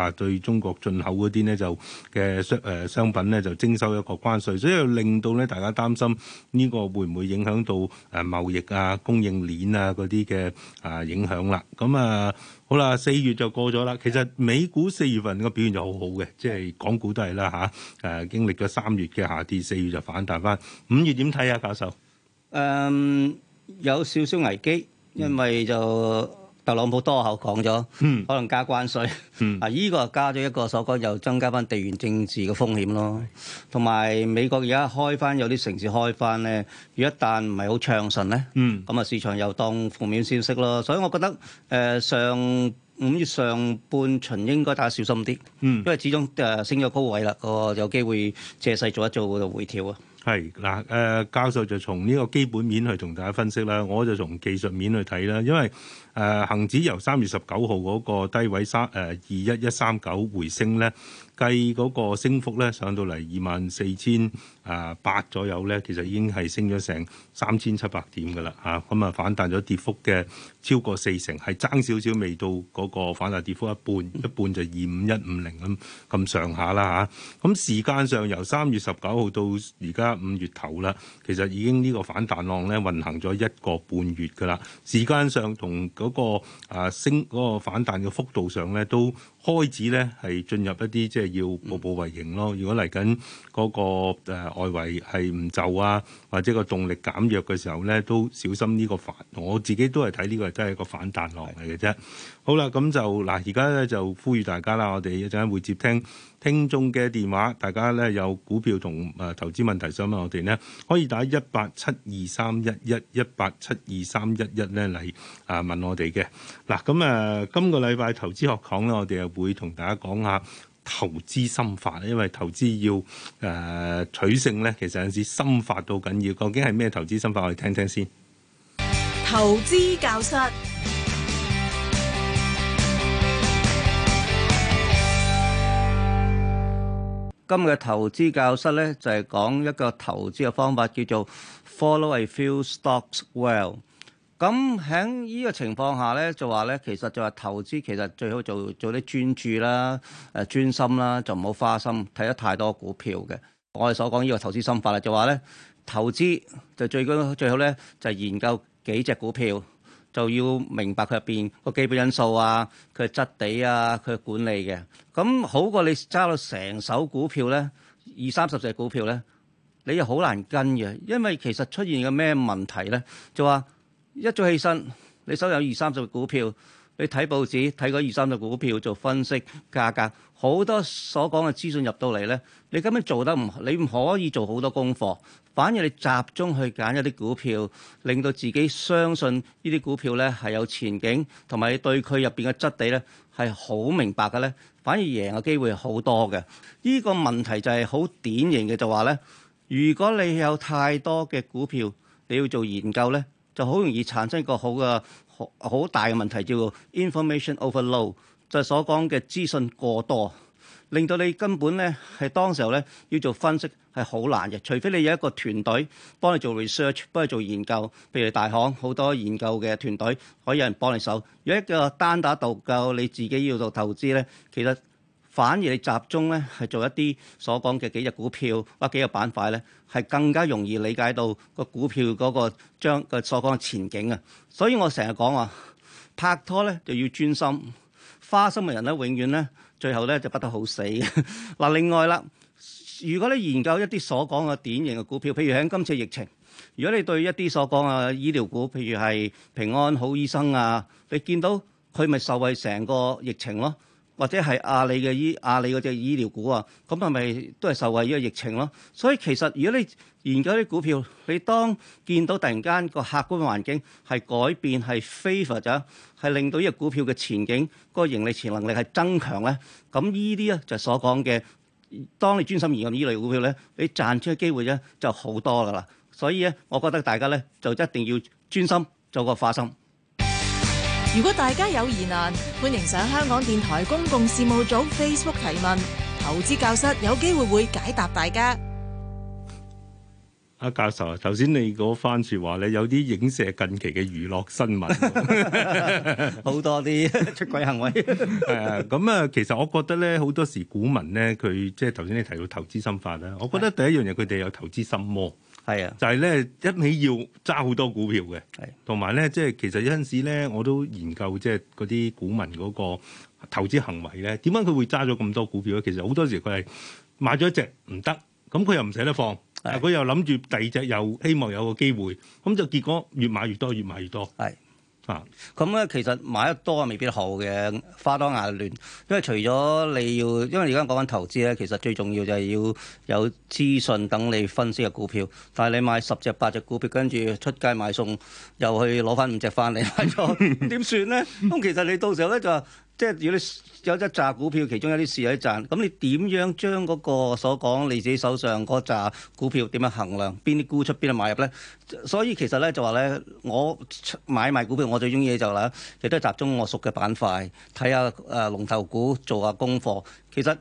啊，對中國進口嗰啲呢，就嘅商誒商品呢，就徵收一個關稅，所以令到咧大家擔心呢個會唔會影響到誒貿易啊、供應鏈啊嗰啲嘅啊影響啦。咁啊，好啦，四月就過咗啦。其實美股四月份嘅表現就好好嘅，即係港股都係啦吓，誒、啊啊、經歷咗三月嘅下跌，四月就反彈翻。五月點睇啊，教授？誒、um, 有少少危機，因為就。嗯特朗普多口講咗，可能加關稅、嗯、啊！依、呢個加咗一個，所講又增加翻地緣政治嘅風險咯。同埋美國而家開翻有啲城市開翻咧，如果一旦唔係好暢順咧，咁啊、嗯、市場又當負面消息咯。所以我覺得誒、呃、上五月上半旬應該大家小心啲，因為始終誒、呃、升咗高位啦，個有機會借勢做一做就回調啊。係嗱，誒、呃、教授就從呢個基本面去同大家分析啦，我就從技術面去睇啦，因為誒、呃、恆指由三月十九號嗰個低位三誒二一一三九回升咧，計嗰個升幅咧上到嚟二萬四千。啊，八左右咧，其實已經係升咗成三千七百點嘅啦，嚇咁啊反彈咗跌幅嘅超過四成，係爭少少未到嗰個反彈跌幅一半，一半就二五一五零咁咁上下啦嚇。咁、啊、時間上由三月十九號到而家五月頭啦，其實已經呢個反彈浪咧運行咗一個半月嘅啦。時間上同嗰、那個啊升嗰、那個反彈嘅幅度上咧，都開始咧係進入一啲即係要步步為營咯。如果嚟緊嗰個、啊外圍係唔就啊，或者個動力減弱嘅時候咧，都小心呢個反，我自己都係睇呢個真係一個反彈浪嚟嘅啫。是的 好啦，咁就嗱，而家咧就呼籲大家啦，我哋一陣會，會接聽聽眾嘅電話，大家咧有股票同啊投資問題想問我哋呢可以打一八七二三一一一八七二三一一咧嚟啊問我哋嘅。嗱，咁、呃、啊，今個禮拜投資學講咧，我哋又會同大家講下。投資心法，因為投資要誒、呃、取勝呢，其實有時心法都緊要。究竟係咩投資心法？我哋聽聽先。投資教室，今日嘅投資教室呢，就係、是、講一個投資嘅方法，叫做 Follow a few stocks well。咁喺呢個情況下咧，就話咧，其實就話投資其實最好做做啲專注啦，誒、呃、專心啦，就唔好花心睇咗太多股票嘅。我哋所講呢個投資心法咧，就話咧，投資就最高最好咧，就係、研究幾隻股票，就要明白佢入邊個基本因素啊，佢嘅質地啊，佢嘅管理嘅。咁好過你揸到成手股票咧，二三十隻股票咧，你又好難跟嘅，因為其實出現嘅咩問題咧，就話。一早起身，你手有二三十個股票，你睇報紙，睇嗰二三十個股票做分析價格，好多所講嘅資訊入到嚟咧。你根本做得唔你唔可以做好多功課，反而你集中去揀一啲股票，令到自己相信呢啲股票咧係有前景，同埋你對佢入邊嘅質地咧係好明白嘅咧。反而贏嘅機會好多嘅。呢、這個問題就係好典型嘅，就話、是、咧，如果你有太多嘅股票，你要做研究咧。就好容易產生一個好嘅好大嘅問題，叫做 information overload，就係所講嘅資訊過多，令到你根本咧係當時候咧要做分析係好難嘅，除非你有一個團隊幫你做 research，幫你做研究，譬如大行好多研究嘅團隊可以有人幫你手，有一個單打獨鬥，你自己要做投資咧，其實。反而你集中咧，係做一啲所講嘅幾隻股票或者幾個板塊咧，係更加容易理解到個股票嗰個將個所講嘅前景啊！所以我成日講啊，拍拖咧就要專心，花心嘅人咧永遠咧最後咧就不得好死。嗱， 另外啦，如果你研究一啲所講嘅典型嘅股票，譬如喺今次疫情，如果你對一啲所講嘅醫療股，譬如係平安好醫生啊，你見到佢咪受惠成個疫情咯？或者係阿里嘅醫阿里嗰隻醫療股啊，咁係咪都係受惠於疫情咯？所以其實如果你研究啲股票，你當見到突然間個客觀環境係改變，係 favor 咗，係令到呢個股票嘅前景、個盈利潛能力係增強咧，咁呢啲咧就所講嘅，當你專心研究呢類股票咧，你賺出嘅機會咧就好多噶啦。所以咧，我覺得大家咧就一定要專心做個化身。如果大家有疑難，歡迎上香港電台公共事務組 Facebook 提問，投資教室有機會會解答大家。阿教授啊，頭先你嗰番說話咧，有啲影射近期嘅娛樂新聞，好多啲出軌行為。係咁啊，其實我覺得咧，好多時股民呢，佢即係頭先你提到投資心法啦，的我覺得第一樣嘢佢哋有投資心魔。係啊，就係咧一味要揸好多股票嘅，同埋咧即係其實有陣時咧我都研究即係嗰啲股民嗰個投資行為咧，點解佢會揸咗咁多股票咧？其實好多時佢係買咗一隻唔得，咁佢又唔捨得放，佢、啊、又諗住第二隻又希望有個機會，咁就結果越買越多，越買越多。係、啊。咁咧、嗯，其實買得多啊，未必好嘅，花多眼亂。因為除咗你要，因為而家講緊投資咧，其實最重要就係要有資訊等你分析嘅股票。但係你買十隻八隻股票，跟住出街買餸，又去攞翻五隻翻嚟買點算呢？咁 其實你到時候咧就。即係如果你有一扎股票，其中有啲蝕有啲賺，咁你點樣將嗰個所講你自己手上嗰扎股票點樣衡量，邊啲沽出，邊度買入呢？所以其實呢，就話呢，我買賣股票我最中意就係喇，亦都係集中我熟嘅板塊，睇下誒龍頭股，做下功課。其實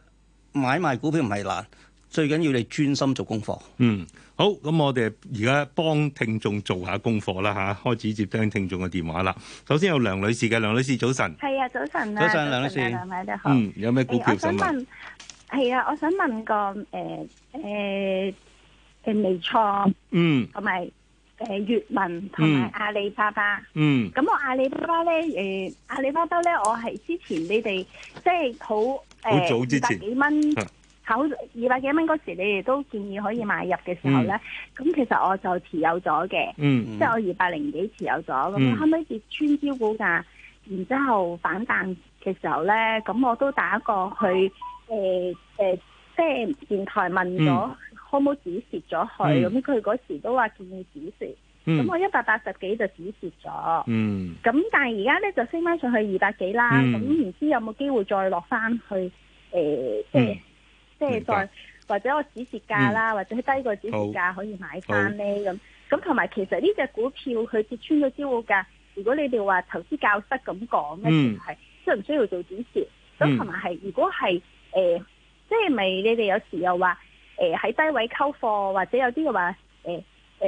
買賣股票唔係難。最緊要你專心做功課。嗯，好，咁我哋而家幫聽眾做下功課啦嚇，開始接聽聽眾嘅電話啦。首先有梁女士嘅，梁女士早晨。係啊，早晨早晨，梁女士。早晨早晨，好，嗯，有咩股票想問？係、欸、啊，我想問個誒誒誒微創，嗯，同埋誒粵文同埋阿里巴巴，嗯、呃。咁我阿里巴巴咧，誒、呃啊、阿里巴巴咧，我、呃、係、啊、之前你哋即係好早之前。就是、幾蚊。嗯嗯啊二百幾蚊嗰時，你哋都建議可以買入嘅時候呢。咁、嗯、其實我就持有咗嘅，即係、嗯、我二百零幾持有咗。咁後尾跌穿招股價，然之後反彈嘅時候呢，咁我都打過去，誒、呃、誒、呃，即係電台問咗、嗯、可唔可以止蝕咗佢。咁佢嗰時都話建議止蝕。咁、嗯、我一百八十幾就止蝕咗。咁、嗯、但係而家呢，就升翻上去二百幾啦。咁唔知有冇機會再落翻去？誒、嗯，即係、嗯。嗯嗯嗯即係再或者我止蝕價啦，嗯、或者低過止蝕價可以買翻呢。咁？咁同埋其實呢隻股票佢跌穿咗招股價，如果你哋話投資教室咁講呢，就係需唔需要做止蝕？咁同埋係如果係誒、呃，即係咪你哋有時候又話誒喺低位溝貨，或者有啲嘅話誒誒、呃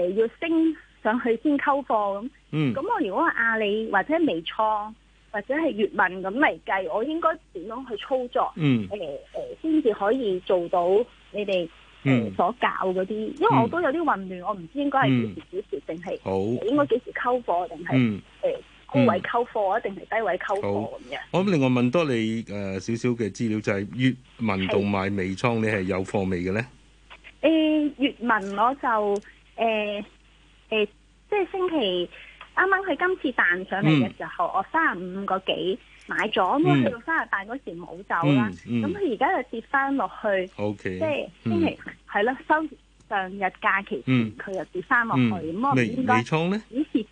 呃、要升上去先溝貨咁、嗯嗯？嗯，咁、嗯、我、嗯嗯、如果阿里或者微創？或者係粵文咁嚟計，我應該點樣去操作？嗯，誒誒、呃，先、呃、至可以做到你哋誒、呃嗯、所教嗰啲。因為我都有啲混亂，我唔知應該係幾時幾時，時，定係、嗯嗯、好應該幾時溝貨，定係誒高位溝貨啊，定係低位溝貨咁樣。我另外問多你誒少少嘅資料就係、是、粵文同埋尾倉，你係有貨未嘅咧？誒、呃，粵文我就誒誒、呃呃呃，即係星期。啱啱佢今次彈上嚟嘅時候，嗯、我三十五個幾買咗，咁啊去到三十八嗰時冇走啦。咁佢而家就跌翻落去，即係係係咯收。嗯上日假期佢又跌翻落去，咁我唔應該止蝕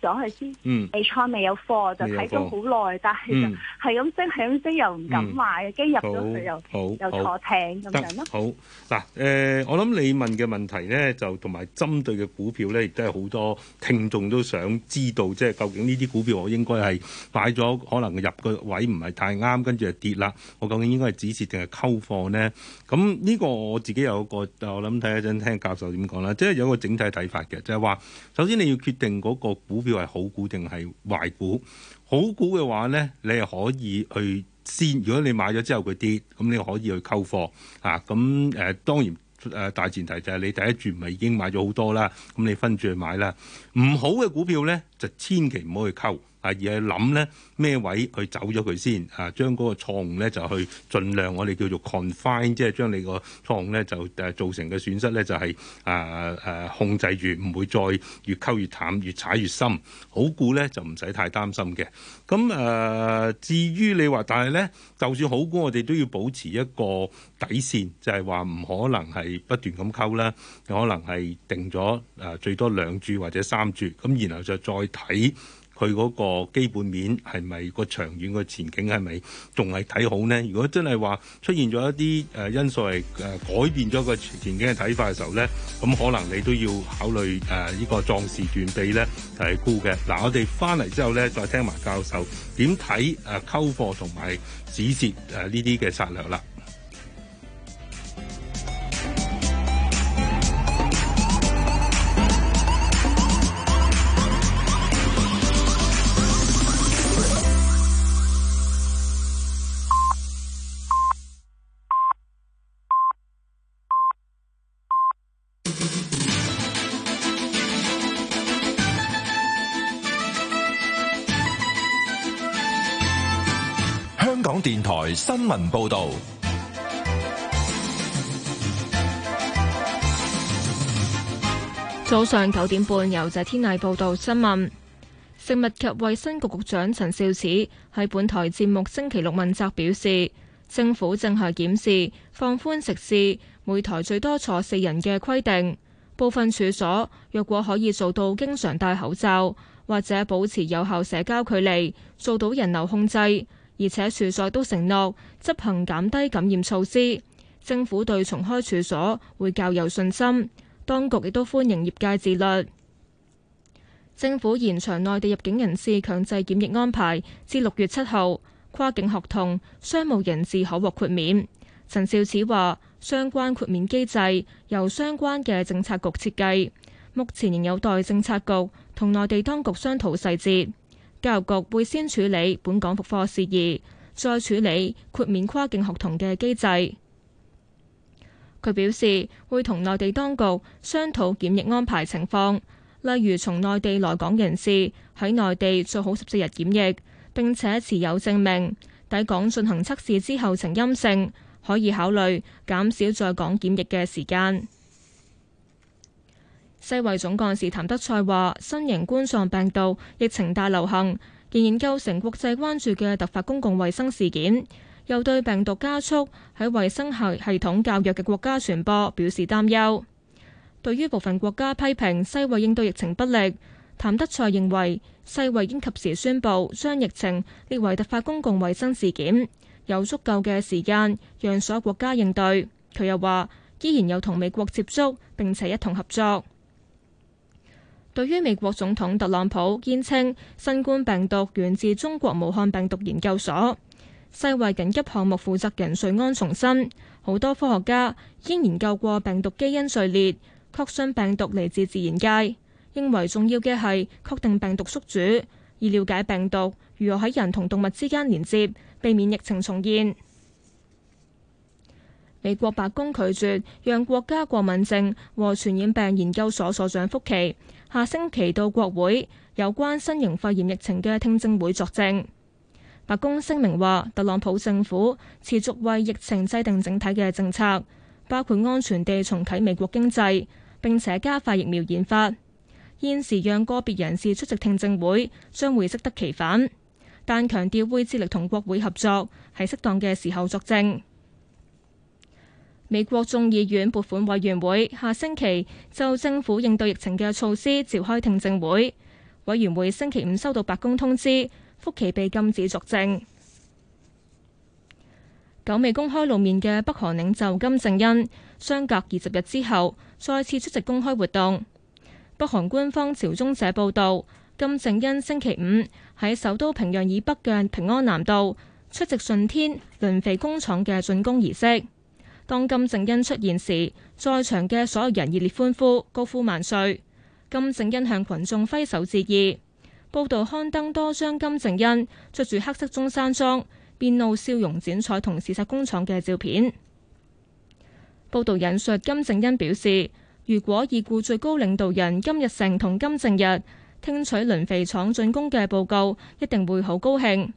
咗佢先。未倉未有貨就睇咗好耐，但係就係咁升，係咁升又唔敢買，跟住入咗佢又又坐艇咁樣咯。好嗱，誒，我諗你問嘅問題呢，就同埋針對嘅股票呢，亦都係好多聽眾都想知道，即係究竟呢啲股票我應該係擺咗，可能入個位唔係太啱，跟住就跌啦，我究竟應該係止蝕定係溝貨呢？咁呢個我自己有一個，我諗睇一陣聽教授。點講啦，即係有一個整體睇法嘅，就係話，首先你要決定嗰個股票係好股定係壞股。好股嘅話咧，你係可以去先，如果你買咗之後佢跌，咁你可以去溝貨啊。咁誒、呃，當然誒、呃，大前提就係你第一注唔係已經買咗好多啦，咁你分住去買啦。唔好嘅股票咧，就千祈唔好去溝。啊，而係諗咧咩位去走咗佢先啊？將嗰個錯誤咧就去盡量我哋叫做 confine，即係將你個錯誤咧就誒造成嘅損失咧就係、誒、啊啊控制住，唔會再越溝越淡，越踩越深。好股咧就唔使太擔心嘅。咁誒、啊，至於你話，但係咧，就算好股，我哋都要保持一個底線，就係話唔可能係不斷咁溝啦。可能係定咗誒最多兩注或者三注，咁然後就再睇，佢嗰個基本面係咪個長遠個前景係咪仲係睇好呢？如果真係話出現咗一啲誒因素係誒改變咗個前景嘅睇法嘅時候呢，咁可能你都要考慮誒呢個壯士斷臂呢，就係沽嘅。嗱，我哋翻嚟之後呢，再聽埋教授點睇誒溝貨同埋止蝕誒呢啲嘅策略啦。新聞報道，早上九點半由謝天麗報道新聞。食物及衛生局局長陳肇始喺本台節目《星期六問責》表示，政府正係檢視放寬食肆每台最多坐四人嘅規定。部分處所若果可以做到經常戴口罩或者保持有效社交距離，做到人流控制。而且處所都承諾執行減低感染措施，政府對重開處所會較有信心。當局亦都歡迎業界自律。政府延長內地入境人士強制檢疫安排至六月七號，跨境學童、商務人士可獲豁免。陳肇始話：相關豁免機制由相關嘅政策局設計，目前仍有待政策局同內地當局商討細節。教育局會先處理本港復課事宜，再處理豁免跨境學童嘅機制。佢表示會同內地當局商討檢疫安排情況，例如從內地來港人士喺內地做好十四日檢疫，並且持有證明抵港進行測試之後呈陰性，可以考慮減少在港檢疫嘅時間。世衛總幹事譚德賽話，新型冠狀病毒疫情大流行仍然構成國際關注嘅突發公共衛生事件，又對病毒加速喺衛生系系統較弱嘅國家傳播表示擔憂。對於部分國家批評世衛應對疫情不力，譚德賽認為世衛已經及時宣佈將疫情列為突發公共衛生事件，有足夠嘅時間讓所有國家應對。佢又話，依然有同美國接觸，並且一同合作。對於美國總統特朗普堅稱新冠病毒源自中國武漢病毒研究所，世衛緊急項目負責人瑞安重申，好多科學家已研究過病毒基因序列，確信病毒嚟自自然界。認為重要嘅係確定病毒宿主，以了解病毒如何喺人同動物之間連接，避免疫情重現。美國白宮拒絕讓國家過敏症和傳染病研究所所長福奇下星期到國會有關新型肺炎疫情嘅聽證會作證。白宮聲明話，特朗普政府持續為疫情制定整體嘅政策，包括安全地重啟美國經濟，並且加快疫苗研發，現時讓個別人士出席聽證會將會適得其反，但強調會致力同國會合作，喺適當嘅時候作證。美國眾議院撥款委員會下星期就政府應對疫情嘅措施召開聽證會。委員會星期五收到白宮通知，福奇被禁止作證。久未公開露面嘅北韓領袖金正恩，相隔二十日之後再次出席公開活動。北韓官方朝中社報道，金正恩星期五喺首都平壤以北嘅平安南道出席順天磷肥工廠嘅竣工儀式。當金正恩出現時，在場嘅所有人熱烈歡呼，高呼萬歲。金正恩向群眾揮手致意。報道刊登多張金正恩着住黑色中山裝、面露笑容、剪彩同視察工廠嘅照片。報道引述金正恩表示，如果已故最高領導人金日成同金正日聽取磷肥廠竣工嘅報告，一定會好高興。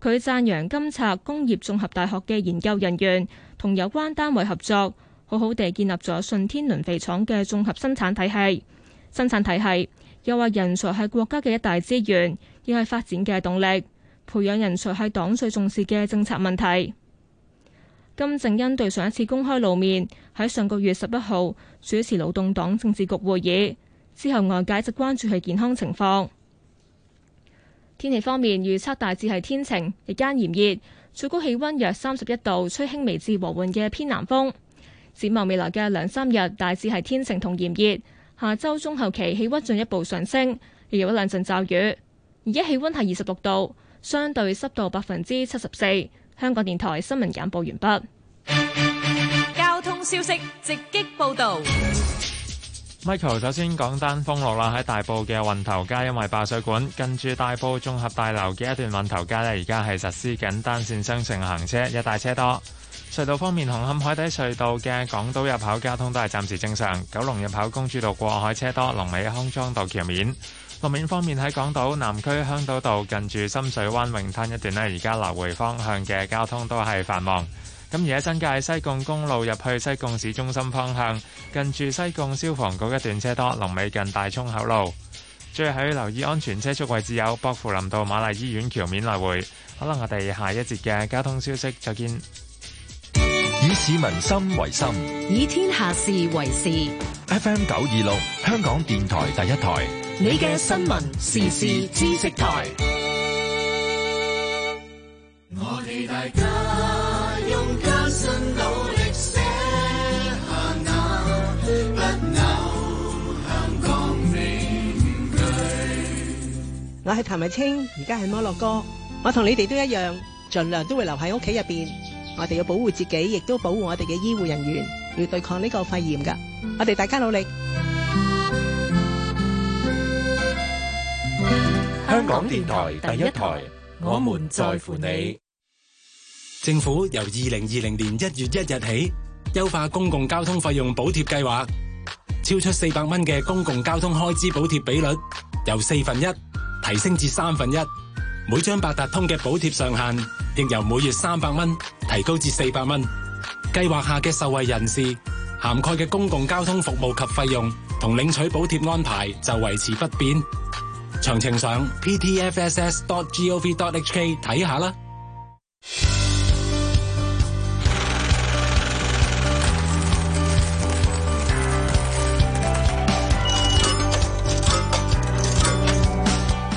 佢讚揚金策工業綜合大學嘅研究人員。同有關單位合作，好好地建立咗順天輪肥廠嘅綜合生產體系。生產體系又話，人才係國家嘅一大資源，亦係發展嘅動力。培養人才係黨最重視嘅政策問題。金正恩對上一次公開露面喺上個月十一號主持勞動黨政治局會議之後，外界則關注係健康情況。天氣方面預測大致係天晴，日間炎熱。最高氣溫約三十一度，吹輕微至和緩嘅偏南風。展望未來嘅兩三日，大致係天晴同炎熱。下周中後期氣溫進一步上升，亦有一兩陣驟雨。而家氣溫係二十六度，相對濕度百分之七十四。香港電台新聞簡報完畢。交通消息直擊報道。Michael 首先講單封路啦，喺大埔嘅運頭街，因為爆水管，近住大埔綜合大樓嘅一段運頭街呢，而家係實施緊單線雙程行車，一帶車多。隧道方面，紅磡海底隧道嘅港島入口交通都係暫時正常，九龍入口公主道過海車多，龍尾康莊道橋面。路面方面喺港島南區香島道，近住深水灣泳灘一段呢，而家來回方向嘅交通都係繁忙。咁而家新界西貢公路入去西貢市中心方向，近住西貢消防局一段車多，臨尾近大涌口路。最喺留意安全車速位置有薄扶林道瑪麗醫院橋面來回。好啦，我哋下一節嘅交通消息，再見。以市民心為心，以天下事為事。FM 九二六，香港電台第一台，你嘅新聞時事知識台。我哋大家。我係譚慧清，而家喺摩洛哥。我同你哋都一樣，盡量都會留喺屋企入邊。我哋要保護自己，亦都保護我哋嘅醫護人員，要對抗呢個肺炎噶。我哋大家努力。香港電台第一台，我們在乎你。政府由二零二零年一月一日起，優化公共交通費用補貼計劃，超出四百蚊嘅公共交通開支補貼比率由四分一。提升至三分一，每張八達通嘅補貼上限亦由每月三百蚊提高至四百蚊。計劃下嘅受惠人士涵蓋嘅公共交通服務及費用同領取補貼安排就維持不變。詳情上 ptfss.gov.hk 睇下啦。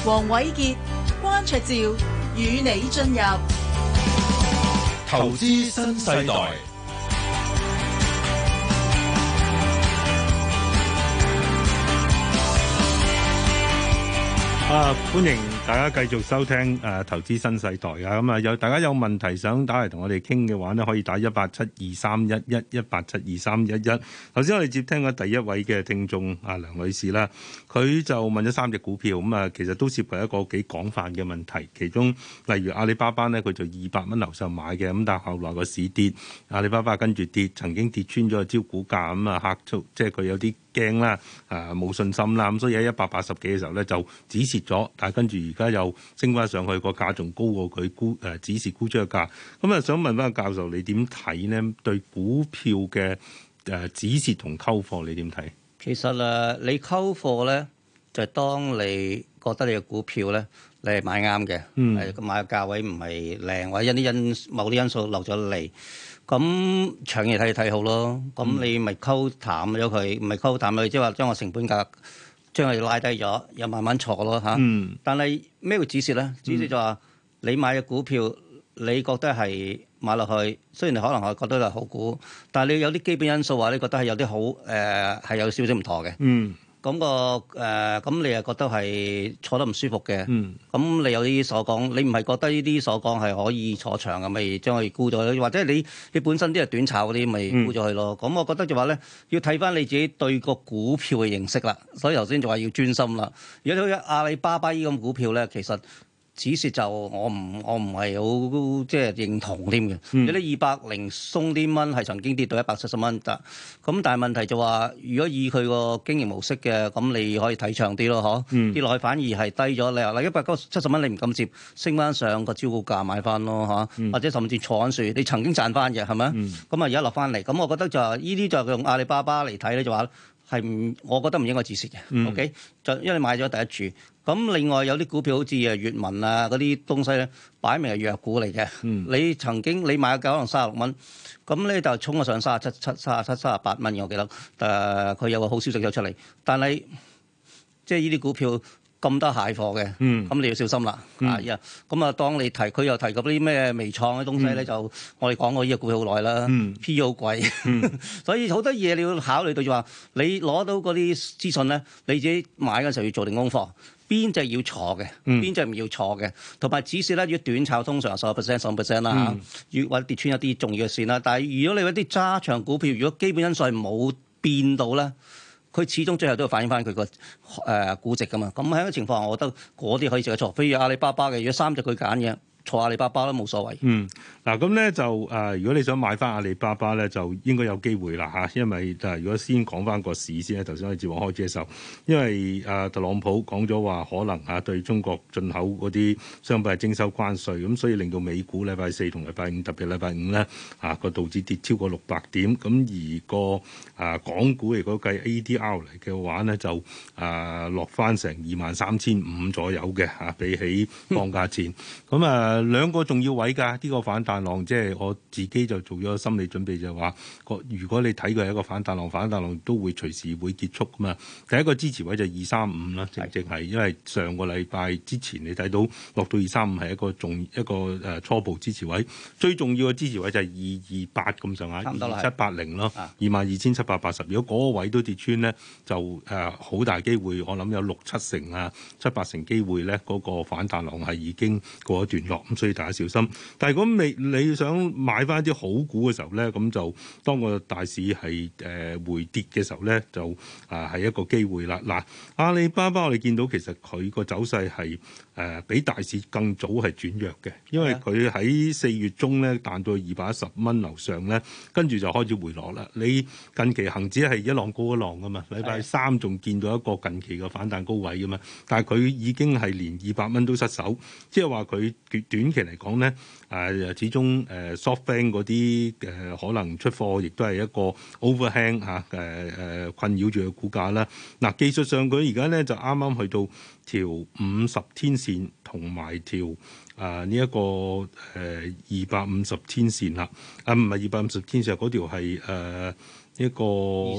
黃瑋傑、關焯照與你進入投資新世代。啊，歡迎！大家繼續收聽誒、uh, 投資新世代啊！咁啊有大家有問題想打嚟同我哋傾嘅話咧，可以打一八七二三一一一八七二三一一。頭先我哋接聽咗第一位嘅聽眾阿、啊、梁女士啦，佢就問咗三隻股票咁啊、嗯，其實都涉及一個幾廣泛嘅問題。其中例如阿里巴巴呢佢就二百蚊樓上買嘅，咁但係後來個市跌，阿里巴巴跟住跌，曾經跌穿咗個招股價咁啊，吓、嗯、足，即係佢有啲。驚啦，啊冇信心啦，咁所以喺一百八十幾嘅時候咧就止蝕咗，但係跟住而家又升翻上去，個價仲高過佢估誒止蝕估出嘅價。咁啊，想問翻阿教授，你點睇呢？對股票嘅誒止蝕同溝貨，你點睇？其實誒，你溝貨咧，就當你覺得你嘅股票咧，你係買啱嘅，誒，買嘅價位唔係靚，或者因啲因某啲因素落咗嚟。咁長期睇睇好咯，咁、嗯、你咪溝淡咗佢，唔係溝淡佢，即係話將個成本價將佢拉低咗，又慢慢坐咯嚇。啊嗯、但係咩叫止蝕咧？止蝕就話、嗯、你買嘅股票，你覺得係買落去，雖然你可能係覺得係好股，但係你有啲基本因素話你覺得係有啲好，誒、呃、係有少少唔妥嘅。嗯咁、那個誒，咁、呃、你又覺得係坐得唔舒服嘅？咁、嗯、你有啲所講，你唔係覺得呢啲所講係可以坐長嘅，咪將佢沽咗？或者你你本身啲係短炒嗰啲，咪沽咗佢咯？咁、嗯、我覺得就話咧，要睇翻你自己對個股票嘅認識啦。所以頭先就話要專心啦。如果好似阿里巴巴依啲股票咧，其實～只是就我唔我唔係好即係認同添嘅，有啲二百零鬆啲蚊係曾經跌到一百七十蚊，但咁但係問題就話、是，如果以佢個經營模式嘅，咁你可以睇長啲咯，嗬跌落去反而係低咗。你話嗱一百七十蚊你唔敢接，升翻上個招股價買翻咯，嚇、啊、或者甚至坐穩住，你曾經賺翻嘅，係咪？咁啊而家落翻嚟，咁、嗯、我覺得就係呢啲就用阿里巴巴嚟睇咧就話、是。係唔，我覺得唔應該自蝕嘅。嗯、OK，就因為你買咗第一注，咁另外有啲股票好似誒粵文啊嗰啲東西咧，擺明係弱股嚟嘅。嗯、你曾經你買個價可能三十六蚊，咁咧就衝咗上三十七、七三十七、三十八蚊嘅，我記得。誒，佢有個好消息咗出嚟，但係即係呢啲股票。咁多蟹貨嘅，咁、嗯、你要小心啦。啊、嗯，又咁啊！當你提佢又提及啲咩微創嘅東西咧，嗯、就我哋講過呢個股好耐啦，P 好貴，嗯、 所以好多嘢你要考慮到，就話你攞到嗰啲資訊咧，你自己買嘅時候要做定功課，邊隻要錯嘅，邊隻唔要錯嘅。同埋、嗯、指數咧，要短炒，通常十 percent、十五 percent 啦，要或者跌穿一啲重要嘅線啦。但係如果你嗰啲揸長股票，如果基本因素係冇變到咧。佢始終最後都要反映翻佢個誒估值噶嘛，咁喺個情況下，我覺得嗰啲可以坐，譬如阿里巴巴嘅，如果三隻佢揀嘅，坐阿里巴巴都冇所謂。嗯。嗱咁咧就誒、啊，如果你想買翻阿里巴巴咧，就應該有機會啦嚇、啊，因為誒如果先講翻個市先咧，頭先我接往開始嘅時候，因為阿、啊、特朗普講咗話可能嚇、啊啊、對中國進口嗰啲商品係徵收關稅，咁所以令到美股禮拜四同禮拜五，特別禮拜五咧嚇個道指跌超過六百點，咁而、那個誒、啊、港股嚟講計 ADR 嚟嘅話咧就誒落翻成二萬三千五左右嘅嚇、啊，比起放價戰，咁 啊兩個重要位㗎，呢、這個反彈浪即係我自己就做咗心理準備就，就話個如果你睇佢係一個反彈浪，反彈浪都會隨時會結束噶嘛。第一個支持位就二三五啦，正正係因為上個禮拜之前你睇到落到二三五係一個重一個誒初步支持位，最重要嘅支持位就係二二八咁上下，二七八零咯，二萬二千七百八十。如果嗰個位都跌穿咧，就誒好大機會，我諗有六七成啊，七八成機會咧嗰個反彈浪係已經過一段落，咁所以大家小心。但係如果未你想買翻啲好股嘅時候咧，咁就當個大市係誒回跌嘅時候咧，就啊、是、係一個機會啦。嗱，阿里巴巴我哋見到其實佢個走勢係，誒比大市更早係轉弱嘅，因為佢喺四月中咧彈到二百一十蚊樓上咧，跟住就開始回落啦。你近期恒指係一浪高一浪噶嘛，禮拜三仲見到一個近期嘅反彈高位噶嘛，但係佢已經係連二百蚊都失守，即係話佢短期嚟講咧誒，始終誒 SoftBank 嗰啲誒可能出貨亦都係一個 overhang 嚇、啊、誒誒、啊、困擾住個股價啦。嗱、啊、技術上佢而家咧就啱啱去到。條五十天線同埋條啊呢一個誒二百五十天線啦，啊唔係二百五十天線，嗰條係呢一個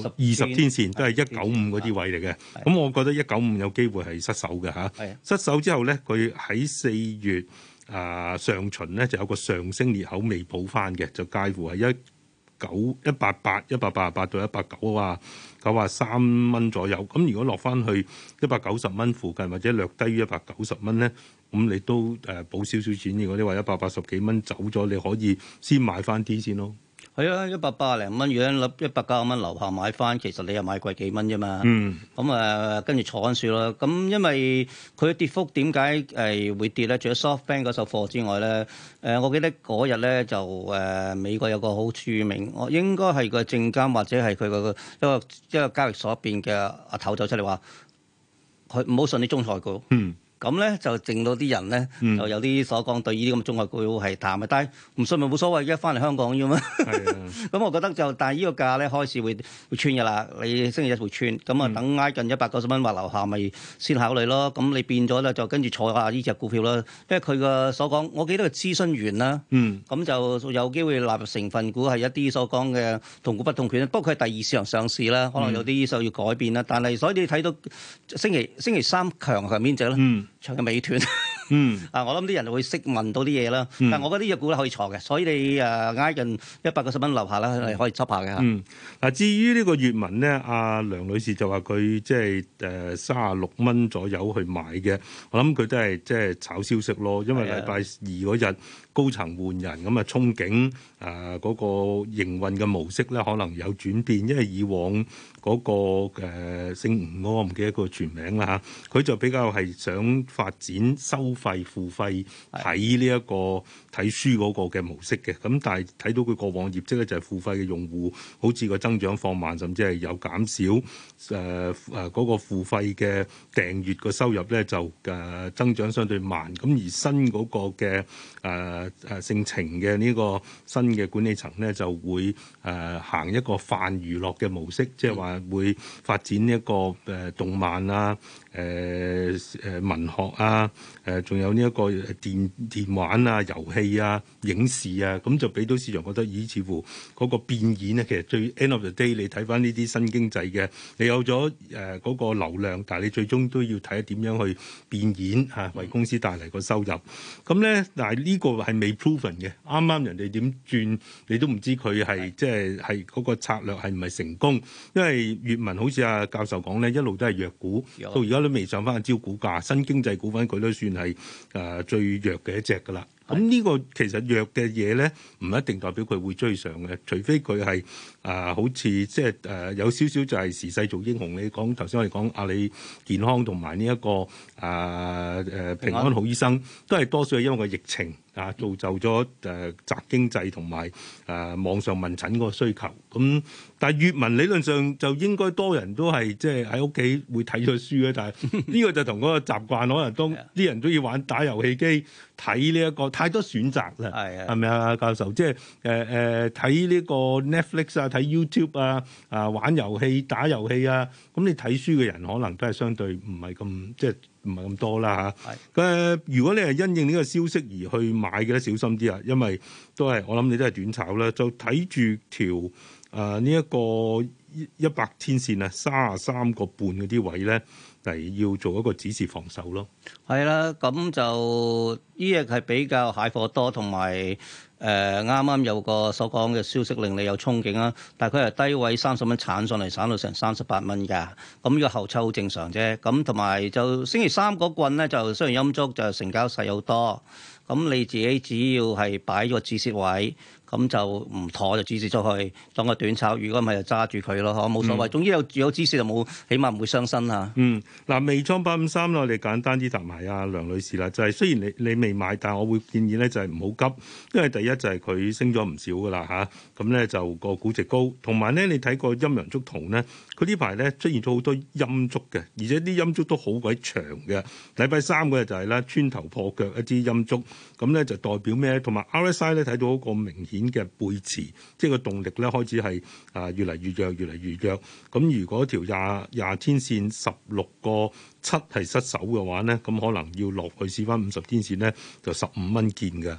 二十天線，啊、天線都係一九五嗰啲位嚟嘅。咁的我覺得一九五有機會係失守嘅嚇。啊、的失守之後咧，佢喺四月啊、呃、上旬咧就有個上升裂口未補翻嘅，就介乎係一九一八八一八八八到一八九啊。九啊三蚊左右，咁如果落翻去一百九十蚊附近，或者略低於一百九十蚊咧，咁你都誒補少少錢。如果你話一百八十幾蚊走咗，你可以先買翻啲先咯。係啊，一百八零蚊如果一百九十蚊樓下買翻，其實你又買貴幾蚊啫嘛。咁啊、mm. 嗯，跟、嗯、住坐穩算啦。咁、嗯、因為佢跌幅點解係會跌咧？除咗 SoftBank 嗰手貨之外咧，誒、呃，我記得嗰日咧就誒、呃、美國有個好著名，我應該係個證監或者係佢個一個一個交易所入邊嘅阿頭走出嚟話，佢唔好信啲中菜股。Mm. 咁咧就剩到啲人咧，嗯、就有啲所講對呢啲咁嘅中外股係淡啊！但係唔信咪冇所謂一翻嚟香港啫嘛！咁我覺得就但係呢個價咧開始會會穿嘅啦，你星期一會穿，咁啊等挨近一百九十蚊或樓下咪先考慮咯。咁你變咗咧就跟住坐下呢隻股票啦，因為佢個所講，我記得佢諮詢員啦，咁、嗯、就有機會納入成分股係一啲所講嘅同股不同權。不過佢係第二市場上市啦，可能有啲時候要改變啦。但係所以你睇到星期星期三強隻期三強邊隻咧？唱嘅美團，嗯，啊， 我諗啲人會識問到啲嘢啦，但係我覺得呢隻股可以坐嘅，所以你誒、呃、挨近一百九十蚊樓下啦，係、嗯、可以執下嘅。嗯，嗱，至於呢個粵文咧，阿梁女士就話佢即係誒三十六蚊左右去買嘅，我諗佢都係即係炒消息咯，因為禮拜二嗰日。高層換人咁啊，憧憬誒嗰、呃嗰個營運嘅模式咧，可能有轉變，因為以往嗰、嗰個誒、呃、姓吳我唔記得個全名啦嚇，佢、啊、就比較係想發展收費付費喺呢一個睇書個嘅模式嘅，咁但係睇到佢過往業績咧就係付費嘅用戶好似個增長放慢，甚至係有減少。誒、呃、誒、嗰個付費嘅訂閱個收入咧就誒增長相對慢。咁而新個嘅誒誒姓程嘅呢個新嘅管理層咧就會誒行一個泛娛樂嘅模式，即係話會發展呢一個誒動漫啊、誒、呃、誒文學啊、誒仲有呢一個電電玩啊、遊戲。啊！影視啊，咁就俾到市場覺得咦、呃，似乎嗰個變現咧，其實最 end of the day，你睇翻呢啲新經濟嘅，你有咗誒嗰個流量，但係你最終都要睇下點樣去變現，嚇、啊，為公司帶嚟個收入。咁、啊、咧，但係呢個係未 proven 嘅。啱啱人哋點轉，你都唔知佢係即係係嗰個策略係唔係成功。因為閱文好似阿教授講咧，一路都係弱股，的到而家都未上翻個招股價，新經濟股份佢都算係誒最弱嘅一隻噶啦。咁呢個其實弱嘅嘢呢，唔一定代表佢會追上嘅，除非佢係。啊，好似即係誒，有少少就係時勢做英雄。你講頭先我哋講阿里健康同埋呢一個啊誒平安好醫生，都係多數係因為個疫情啊，造就咗誒宅經濟同埋誒網上問診個需求。咁但係閱文理論上就應該多人都係即係喺屋企會睇咗書咧。但係呢個就同個習慣可能都啲人都要玩打遊戲機睇呢一個太多選擇啦，係啊，係咪啊，教授？即係誒誒睇呢個 Netflix 啊。喺 YouTube 啊啊玩遊戲打遊戲啊，咁、嗯、你睇書嘅人可能都係相對唔係咁即係唔係咁多啦嚇。誒、啊是啊，如果你係因應呢個消息而去買嘅咧，小心啲啊，因為都係我諗你都係短炒啦，就睇住條啊呢一、這個一百天線啊三十啊三個半嗰啲位咧嚟、就是、要做一個指示防守咯。係啦、啊，咁就呢樣係比較蟹貨多同埋。誒啱啱有個所講嘅消息令你有憧憬啊，但係佢係低位三十蚊鏟上嚟，省到成三十八蚊㗎，咁、嗯、呢、這個後抽好正常啫。咁同埋就星期三嗰棍咧，就雖然陰燭，就成交細又多，咁、嗯、你自己只要係擺咗止蝕位。咁就唔妥就止蝕出去，當個短炒；如果唔係就揸住佢咯，嗬、嗯，冇所謂。總之有指示有止蝕就冇，起碼唔會傷身嚇。嗯，嗱，未漲八五三啦，我哋簡單啲答埋阿梁女士啦，就係、是、雖然你你未買，但係我會建議咧就係唔好急，因為第一就係佢升咗唔少噶啦吓，咁、啊、咧就個估值高，同埋咧你睇個陰陽燭圖咧。佢呢排咧出現咗好多陰燭嘅，而且啲陰燭都好鬼長嘅。禮拜三日就係啦，穿頭破腳一支陰燭咁咧就代表咩？同埋 RSI 咧睇到一個明顯嘅背馳，即係個動力咧開始係啊越嚟越弱，越嚟越弱。咁如果條廿廿天線十六個七係失守嘅話咧，咁可能要落去試返五十天線咧，就十五蚊見嘅。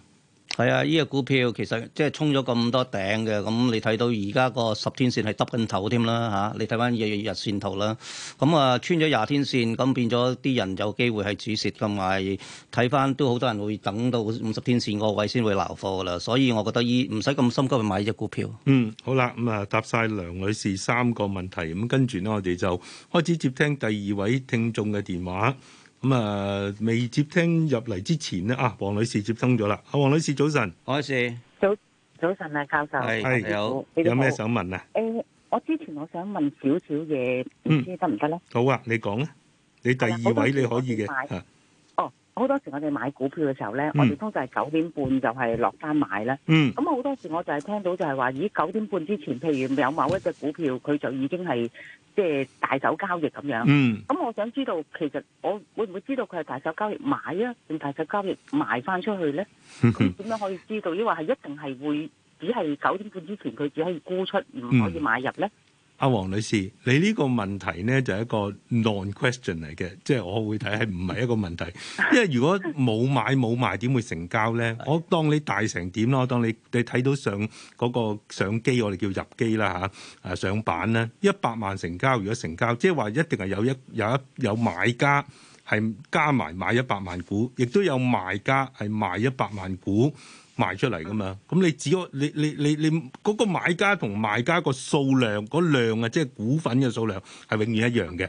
係啊，呢隻股票其實即係衝咗咁多頂嘅，咁你睇到而家個十天線係耷緊頭添啦嚇，你睇翻日日線圖啦，咁啊穿咗廿天線，咁變咗啲人有機會係止蝕嘅，埋睇翻都好多人會等到五十天線個位先會撈貨啦，所以我覺得呢唔使咁心急去買呢隻股票。嗯，好啦，咁啊答晒梁女士三個問題，咁跟住呢，我哋就開始接聽第二位聽眾嘅電話。咁、嗯、啊，未接聽入嚟之前咧啊，黃女士接通咗啦。啊，黃女士早晨，好啊是，早早晨啊，教授係是好，好，有咩想問啊？誒，我之前我想問少少嘢，唔知得唔得咧？好啊，你講啊，你第二位你可以嘅吓。啊好多時我哋買股票嘅時候咧，嗯、我哋通常係九點半就係落單買啦。嗯，咁好多時我就係聽到就係話，咦九點半之前，譬如有某一隻股票，佢就已經係即係大手交易咁樣。嗯，咁、嗯嗯、我想知道，其實我會唔會知道佢係大手交易買啊，定大手交易賣返出去咧？佢點樣可以知道？抑或係一定係會只係九點半之前佢只可以沽出，唔可以買入咧？阿、啊、黃女士，你呢個問題呢就係、一個 non question 嚟嘅，即係、就係、我會睇係唔係一個問題， 因為如果冇買冇賣，點會成交呢？ 我當你大成點咯，當你你睇到上嗰、嗰個相機，我哋叫入機啦嚇，啊，啊上版啦，一百萬成交，如果成交，即係話一定係有一有一有買家係加埋買一百萬股，亦都有賣家係賣一百萬股。賣出嚟噶嘛？咁你只可你你你你嗰、那個買家同賣家個數量，嗰、那個、量啊，即、就、係、是、股份嘅數量係永遠一樣嘅。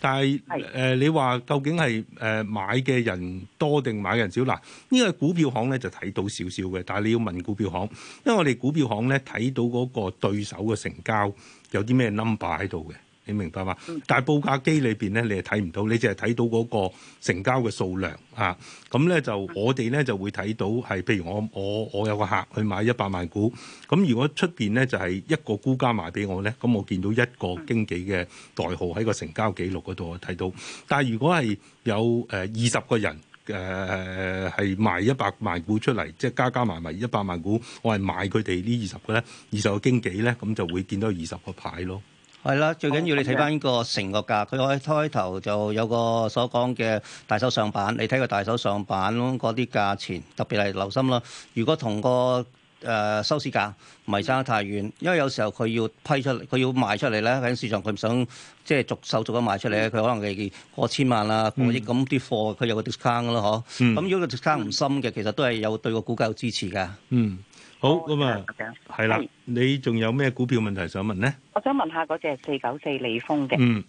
但係誒是、呃，你話究竟係誒買嘅人多定買嘅人少？嗱，呢個股票行咧就睇到少少嘅，但係你要問股票行，因為我哋股票行咧睇到嗰個對手嘅成交有啲咩 number 喺度嘅。你明白嘛？但係報價機裏邊咧，你係睇唔到，你淨係睇到嗰個成交嘅數量啊。咁咧就我哋咧就會睇到係譬如我我我有個客去買一百萬股，咁如果出邊咧就係、是、一個沽家賣俾我咧，咁我見到一個經紀嘅代號喺個成交記錄嗰度我睇到。但係如果係有誒二十個人誒係、呃、賣一百萬股出嚟，即、就、係、是、加加埋埋一百萬股，我係買佢哋呢二十個咧，二十個經紀咧，咁就會見到二十個牌咯。係啦，最緊要你睇翻呢個成個價，佢開開頭就有個所講嘅大手上板，你睇個大手上板嗰啲價錢，特別係留心啦。如果同個誒、呃、收市價唔係差得太遠，因為有時候佢要批出，嚟，佢要賣出嚟咧喺市場，佢唔想即係逐手逐咁賣出嚟咧，佢可能係過千萬啦，過億咁啲貨，佢、嗯、有個 discount 咯，嗬、嗯。咁如果 discount 唔深嘅，嗯、其實都係有對個股價有支持嘅。嗯。好咁啊，係啦，你仲有咩股票問題想問咧？我想問下嗰隻四九四利豐嘅。4，嗯，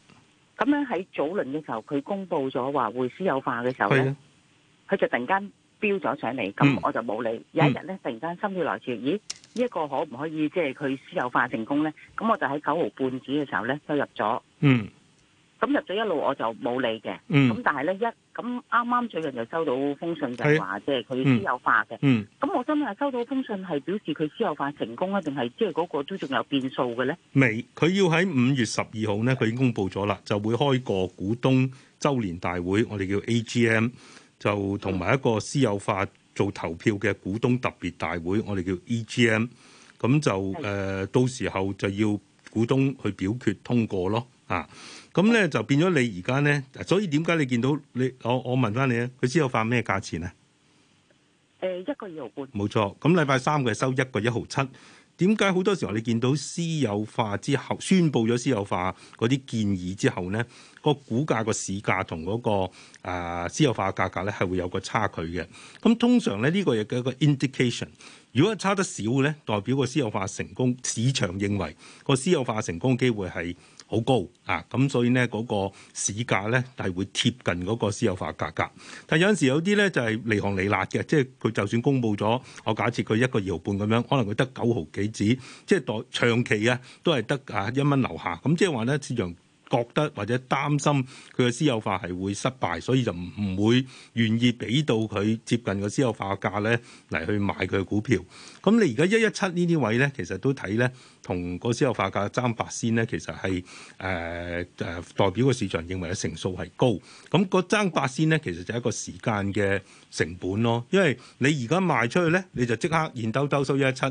咁樣喺早輪嘅時候，佢公布咗話會私有化嘅時候咧，佢的就突然間飆咗上嚟，咁我就冇理。嗯、有一日咧，突然間心血來潮，咦？呢、這、一個可唔可以即係佢私有化成功咧？咁我就喺九毫半子嘅時候咧收入咗。嗯。咁入咗一路我就冇理嘅，咁、嗯、但係咧一咁啱啱最近就收到封信就話是，即係佢私有化嘅，咁、嗯、我真係收到封信係表示佢私有化成功啊，定係即係嗰個都仲有變數嘅咧？未，佢要喺五月十二號咧，佢已經公布咗啦，就會開個股東周年大會，我哋叫 A G M，就同埋一個私有化做投票嘅股東特別大會，我哋叫 E G M，咁就誒，是到時候就要股東去表決通過咯。啊，咁咧就變咗你而家咧，所以點解你見到你我我問翻你咧，佢私有化咩價錢啊？誒，一個二毫半。冇錯，咁禮拜三嘅收一個一毫七。點解好多時候你見到私有化之後宣布咗私有化嗰啲建議之後咧，個股價、個市價同嗰個啊私有化嘅價格咧係會有個差距嘅。咁通常咧呢，呢個嘢，嘅一個 indication，如果差得少咧，代表個私有化成功，市場認為個私有化成功機會係。好高啊！咁所以咧，嗰個市價咧係會貼近嗰個私有化價格。但有陣時有啲咧就係、是、離行利辣嘅，即係佢就算公布咗，我假設佢一個二毫半咁樣，可能佢得九毫幾紙，即係代長期啊，都係得啊一蚊樓下。咁即係話咧，市場。覺得或者擔心佢嘅私有化係會失敗，所以就唔會願意俾到佢接近個私有化價咧嚟去買佢嘅股票。咁你而家一一七呢啲位咧，其實都睇咧同個私有化價爭八仙咧，其實係誒誒代表個市場認為嘅成數係高。咁個爭八仙咧，其實就係一個時間嘅成本咯。因為你而家賣出去咧，你就即刻現兜兜收一一七。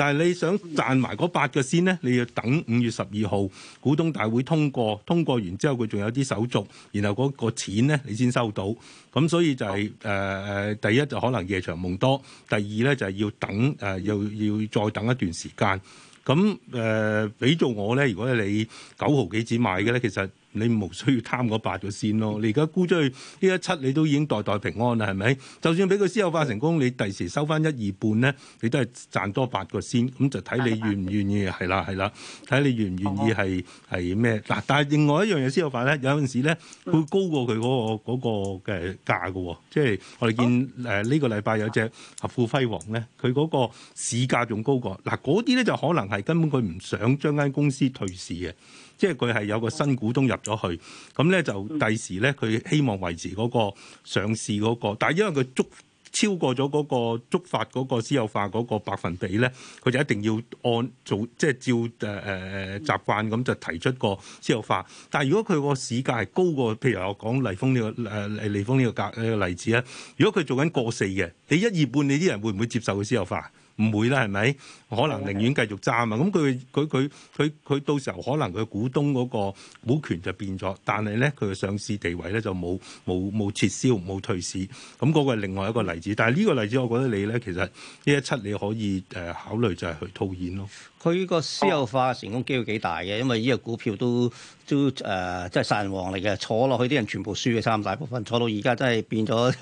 但係你想賺埋嗰八個先咧，你要等五月十二號股東大會通過，通過完之後佢仲有啲手續，然後嗰個錢咧你先收到。咁所以就係誒誒，第一就可能夜長夢多，第二咧就係要等誒，又、呃、要，要再等一段時間。咁誒俾做我咧，如果你九毫幾紙買嘅咧，其實。你無需要貪嗰八個先咯，你而家估咗去呢一七，你都已經代代平安啦，係咪？就算俾佢私有化成功，你第時收翻一二半咧，你都係賺多八個先，咁就睇你願唔願意係啦，係啦的，睇你願唔願意係係咩？嗱，但係另外一樣嘢私有化咧，有陣時咧會高過佢嗰、那個嗰、那個嘅價㗎，即係我哋見誒呢好、呃呢個禮拜有隻合富輝煌咧，佢嗰個市價仲高過嗱嗰啲咧，就可能係根本佢唔想將間公司退市嘅。即係佢係有個新股東入咗去，咁咧就第時咧佢希望維持嗰個上市嗰個，但係因為佢觸超過咗嗰個觸發嗰個私有化嗰個百分比咧，佢就一定要按做，即係照誒誒誒習慣咁就提出個私有化。但係如果佢個市價係高過，譬如我講利豐呢個誒誒利豐呢個價嘅例子咧，如果佢做緊過四嘅，你一二半你啲人會唔會接受佢私有化？唔會啦，係咪？可能寧願繼續爭啊！咁佢佢佢佢佢到時候可能佢股東嗰個股權就變咗，但係咧佢嘅上市地位咧就冇冇冇撤銷冇退市，咁、那、嗰個係另外一個例子。但係呢個例子我覺得你咧其實呢一七你可以誒考慮就係去套現咯。佢個私有化成功機會幾大嘅？因為呢個股票都都誒即係殺人王嚟嘅，坐落去啲人全部輸嘅，三大部分坐到而家真係變咗。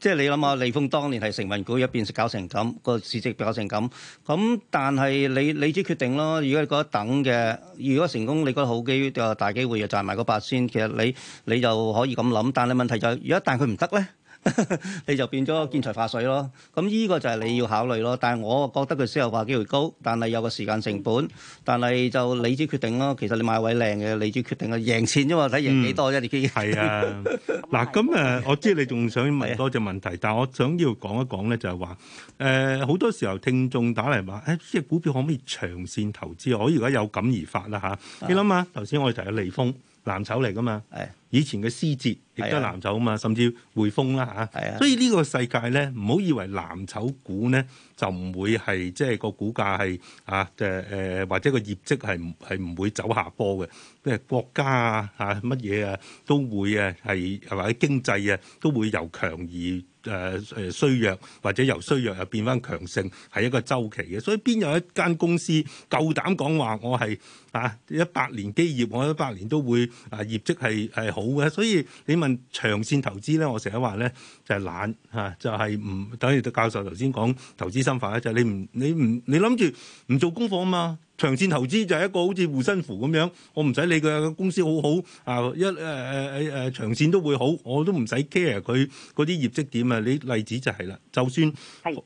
即 係你諗下，利豐當年係成分股入邊搞成咁個市值，搞成咁咁。但係你你自己決定咯。如果你覺得等嘅，如果成功你覺得好機會大機會又賺埋個八先，其實你你就可以咁諗。但係問題就是，如果但佢唔得呢？ 你就變咗見財化水咯，咁呢個就係你要考慮咯。但係我覺得佢私有化機會高，但係有個時間成本，但係就你自己決定咯。其實你買位靚嘅，你自己決定啊，贏錢啫嘛，睇贏幾多啫，你自己。係啊，嗱， 咁誒，我知你仲想問多隻問題，啊、但係我想要講一講咧，就係話誒，好多時候聽眾打嚟話，誒、欸，啲股票可唔可以長線投資？我而家有感而發啦嚇，你諗下，頭先、啊啊、我哋提嘅利豐藍籌嚟噶嘛。係、啊。以前嘅思捷亦都係藍籌啊嘛，甚至匯豐啦嚇，啊、所以呢個世界咧，唔好以為藍籌股咧就唔會係即係個股價係啊誒誒或者個業績係唔係唔會走下坡嘅，即係國家啊吓乜嘢啊都會或者啊係係話喺經濟啊都會由強而誒誒衰弱，或者由衰弱又變翻強盛，係一個周期嘅。所以邊有一間公司夠膽講話，我係啊一百年基業，我一百年都會啊業績係係。冇嘅，所以你問長線投資咧，我成日話咧就係懶嚇，就係唔等於教授頭先講投資心法咧，就係你唔你唔你諗住唔做功課啊嘛。長線投資就係一個好似護身符咁樣，我唔使理佢公司好好啊，一誒誒誒誒長線都會好，我都唔使 care 佢嗰啲業績點啊！你例子就係、是、啦，就算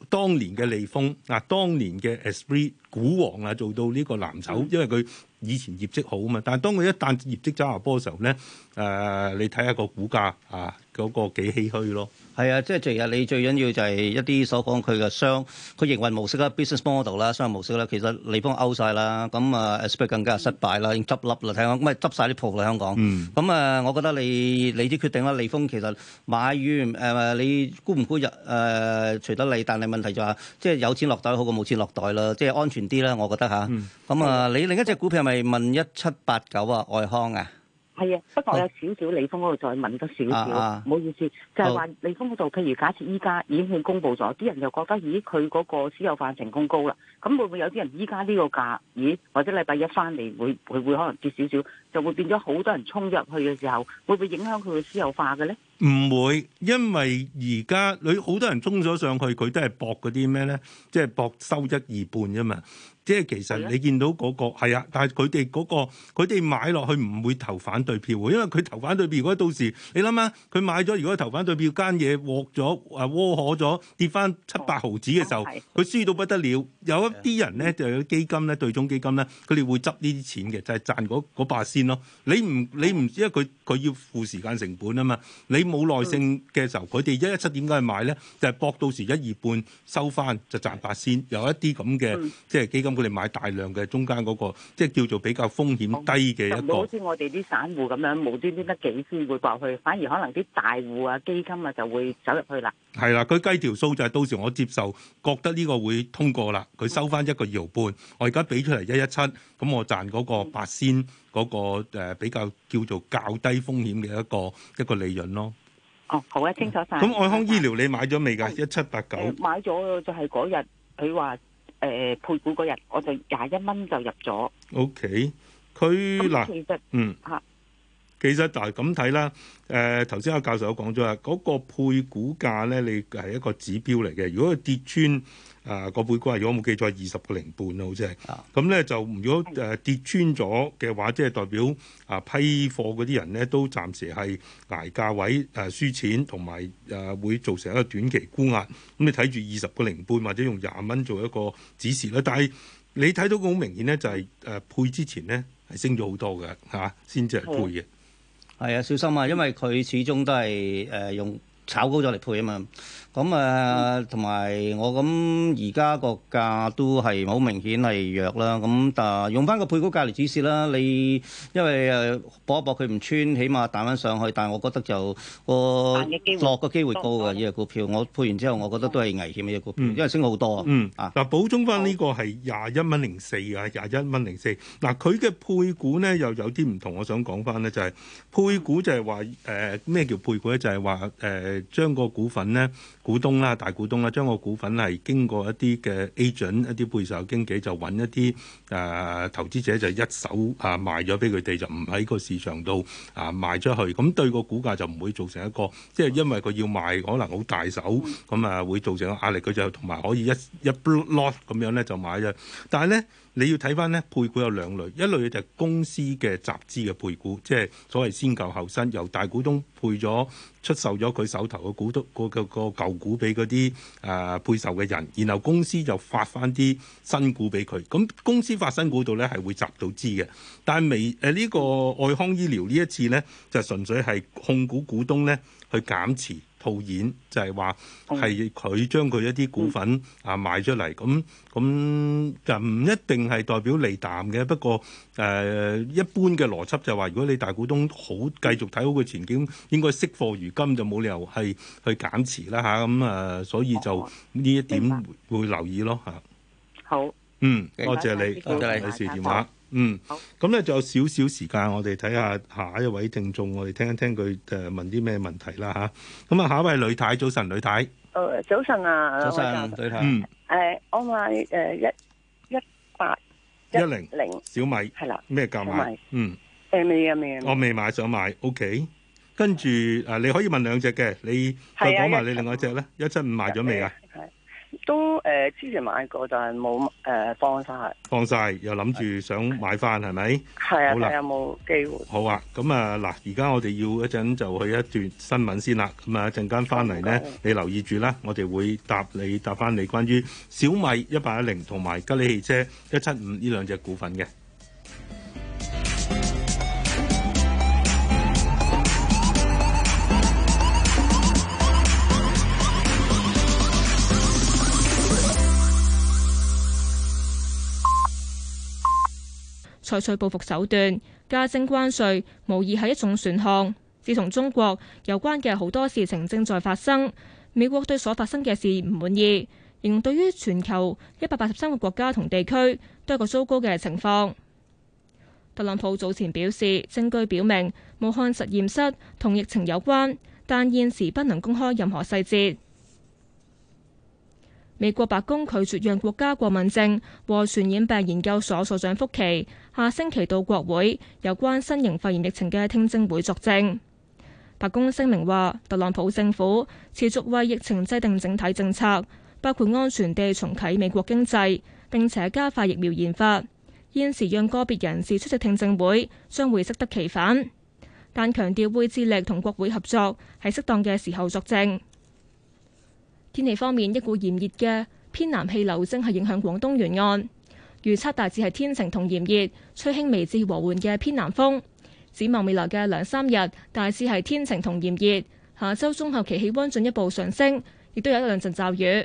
當年嘅利豐啊，當年嘅 Esprit 股王啊做到呢個藍籌，因為佢以前業績好啊嘛，但係當佢一旦業績走下坡嘅時候咧，誒、呃、你睇下個股價啊！嗰個幾唏噓咯，係啊！即係成日你最緊要就係一啲所講佢嘅商佢營運模式啦、business model 啦、商業模式啦，其實利豐 out 晒啦，咁啊 Esprit 更加係失敗啦，已經執笠啦，睇下咁啊，執晒啲鋪啦，香港。咁、嗯、啊，我覺得你你啲決定啦，利豐其實買於誒、呃，你估唔估？入、呃、誒？除得你，但係問題就係、是，即係有錢落袋好過冇錢落袋啦，即係安全啲啦，我覺得吓。咁啊，你另一隻股票係咪問一七八九啊？外康啊？係啊，不過有少少利豐嗰度再問得少少，唔、啊、好意思，啊、就係話利豐嗰度，譬如假設依家已經佢公布咗，啲人就覺得，咦，佢嗰個私有化成功高啦，咁會唔會有啲人依家呢個價，咦，或者禮拜一翻嚟，會會會可能跌少少？就會變咗好多人衝入去嘅時候，會唔會影響佢嘅私有化嘅咧？唔會，因為而家你好多人衝咗上去，佢都係博嗰啲咩咧？即係博收一二半啫嘛。即係其實你見到嗰、那個係啊的，但係佢哋嗰個佢哋買落去唔會投反對票喎，因為佢投反對票。如果到時你諗下，佢買咗，如果投反對票間嘢、那個、獲咗啊窩可咗跌翻七八毫子嘅時候，佢的輸到不得了。有一啲人咧就有基金咧對中基金咧，佢哋會執呢啲錢嘅，就係、是、賺嗰把、那個咯，你唔你唔知，因為佢佢要付時間成本啊嘛。你冇耐性嘅時候，佢哋一一七點解買咧？就係博到時一二半收翻就賺八仙。有一啲咁嘅即係基金，佢哋買大量嘅中間嗰個，即係叫做比較風險低嘅一個。唔好似，我哋啲散戶咁樣無端端得幾仙會過去，反而可能啲大戶啊基金啊就會走入去啦。係啦，佢計條數就係到時我接受，覺得呢個會通過啦。佢收翻一個二毫半，我而家俾出嚟一一七，咁我賺嗰個八仙。嗰個誒比較叫做較低風險嘅一個一個利潤咯。哦，好啊，清楚曬。咁愛康醫療你買咗未㗎？一七八九買咗，就係嗰日佢話誒配股嗰日，我就廿一蚊就入咗。OK，佢嗱，其實嗯嚇，其實就係咁睇啦。誒，頭先阿教授我講咗啦，嗰個配股價咧，你係一個指標嚟嘅。如果佢跌穿，啊個背貨，如果冇記錯，二十個零半啦，好似係。咁咧、啊、就如果誒跌穿咗嘅話，即、就、係、是、代表啊批貨嗰啲人咧都暫時係捱價位誒、啊、輸錢，同埋誒會造成一個短期沽壓。咁、嗯、你睇住二十個零半，或者用廿蚊做一個指示啦。但係你睇到個好明顯咧，就係、是、誒、啊、配之前咧係升咗、啊、好多嘅嚇，先至係配嘅。係啊，小心啊，因為佢始終都係誒、呃、用炒高咗嚟配啊嘛。咁誒，同埋、嗯、我咁而家個價都係好明顯係弱啦。咁但係用翻個配股價嚟指示啦，你因為誒搏一搏佢唔穿，起碼彈翻上去。但係我覺得就個落個機會高嘅呢、嗯、個股票，我配完之後，我覺得都係危險嘅一、呢個股票，因為升好多。嗯，嗱補充翻呢個係廿一蚊零四啊，廿一蚊零四。嗱佢嘅配股呢又有啲唔同，我想講翻呢就係配股就係話誒咩叫配股咧？就係話誒將個股份呢。股東啦、大股東啦，將個股份係經過一啲嘅 agent、一啲配售經紀，就揾一啲誒、呃、投資者，就一手啊賣咗俾佢哋，就唔喺個市場度啊賣出去，咁對個股價就唔會造成一個，即係因為佢要賣可能好大手，咁啊會造成個壓力。佢就同埋可以一一 block、lot、咁樣咧就買啫，但係咧。你要睇翻呢，配股有兩類，一類就係公司嘅集資嘅配股，即係所謂先舊後新，由大股東配咗出售咗佢手頭嘅股東個個舊股俾嗰啲誒配售嘅人，然後公司就發翻啲新股俾佢。咁公司發新股度呢係會集到資嘅，但係未誒呢個愛康醫療呢一次呢，就純粹係控股股東呢去減持。套演就係話係佢將佢一啲股份啊賣出嚟，咁咁、嗯、就唔一定係代表利淡嘅。不過誒、呃，一般嘅邏輯就係話，如果你大股東好繼續睇好佢前景，應該惜貨如金就冇理由係去減持啦吓，咁啊，啊，所以就呢一點會留意咯嚇。好、哦，嗯，白多謝你，多謝白你，女士電話。嗯，好。咁咧，仲有少少時間，我哋睇下下一位聽眾，我哋聽一聽佢誒問啲咩問題啦嚇。咁啊，下一位呂太，早晨，呂太。誒，早晨啊，早晨，呂太。嗯。誒，我買誒一一八一零零小米，係啦，咩價？小米。嗯。誒，未啊，未啊。我未買，想買。OK。跟住誒，你可以問兩隻嘅，你再講埋你另外一隻咧。一七五賣咗未啊？都誒、呃、之前買過，但係冇誒放晒。放晒又諗住想買翻係咪？係啊，好啦，有冇機會？好啊，咁啊嗱，而家我哋要一陣就去一段新聞先啦。咁啊一陣間翻嚟呢，謝謝你留意住啦，我哋會答你答翻你關於小米一八一零同埋吉利汽車一七五呢兩隻股份嘅。採取報復手段加徵關稅，無疑係一種選項，自從中國有關嘅好多事情正在發生，美國對所發生嘅事唔滿意，仍對於全球一百八十三個國家同地區都係個糟糕嘅情況。特朗普早前表示，證據表明武漢實驗室同疫情有關，但現時不能公開任何細節。美國白宮拒絕讓國家過敏症和傳染病研究所所長福奇下星期到國會有關新型肺炎疫情嘅聽證會作證。白宮聲明話，特朗普政府持續為疫情制定整體政策，包括安全地重啟美國經濟，並且加快疫苗研發。現時讓個別人士出席聽證會將會適得其反，但強調會致力同國會合作，喺適當嘅時候作證。天氣方面，一股炎熱嘅偏南氣流正係影響廣東沿岸，預測大致係天晴同炎熱，吹輕微至和緩嘅偏南風。展望未來嘅兩三日，大致係天晴同炎熱。下周中後期氣温進一步上升，亦都有一兩陣驟雨。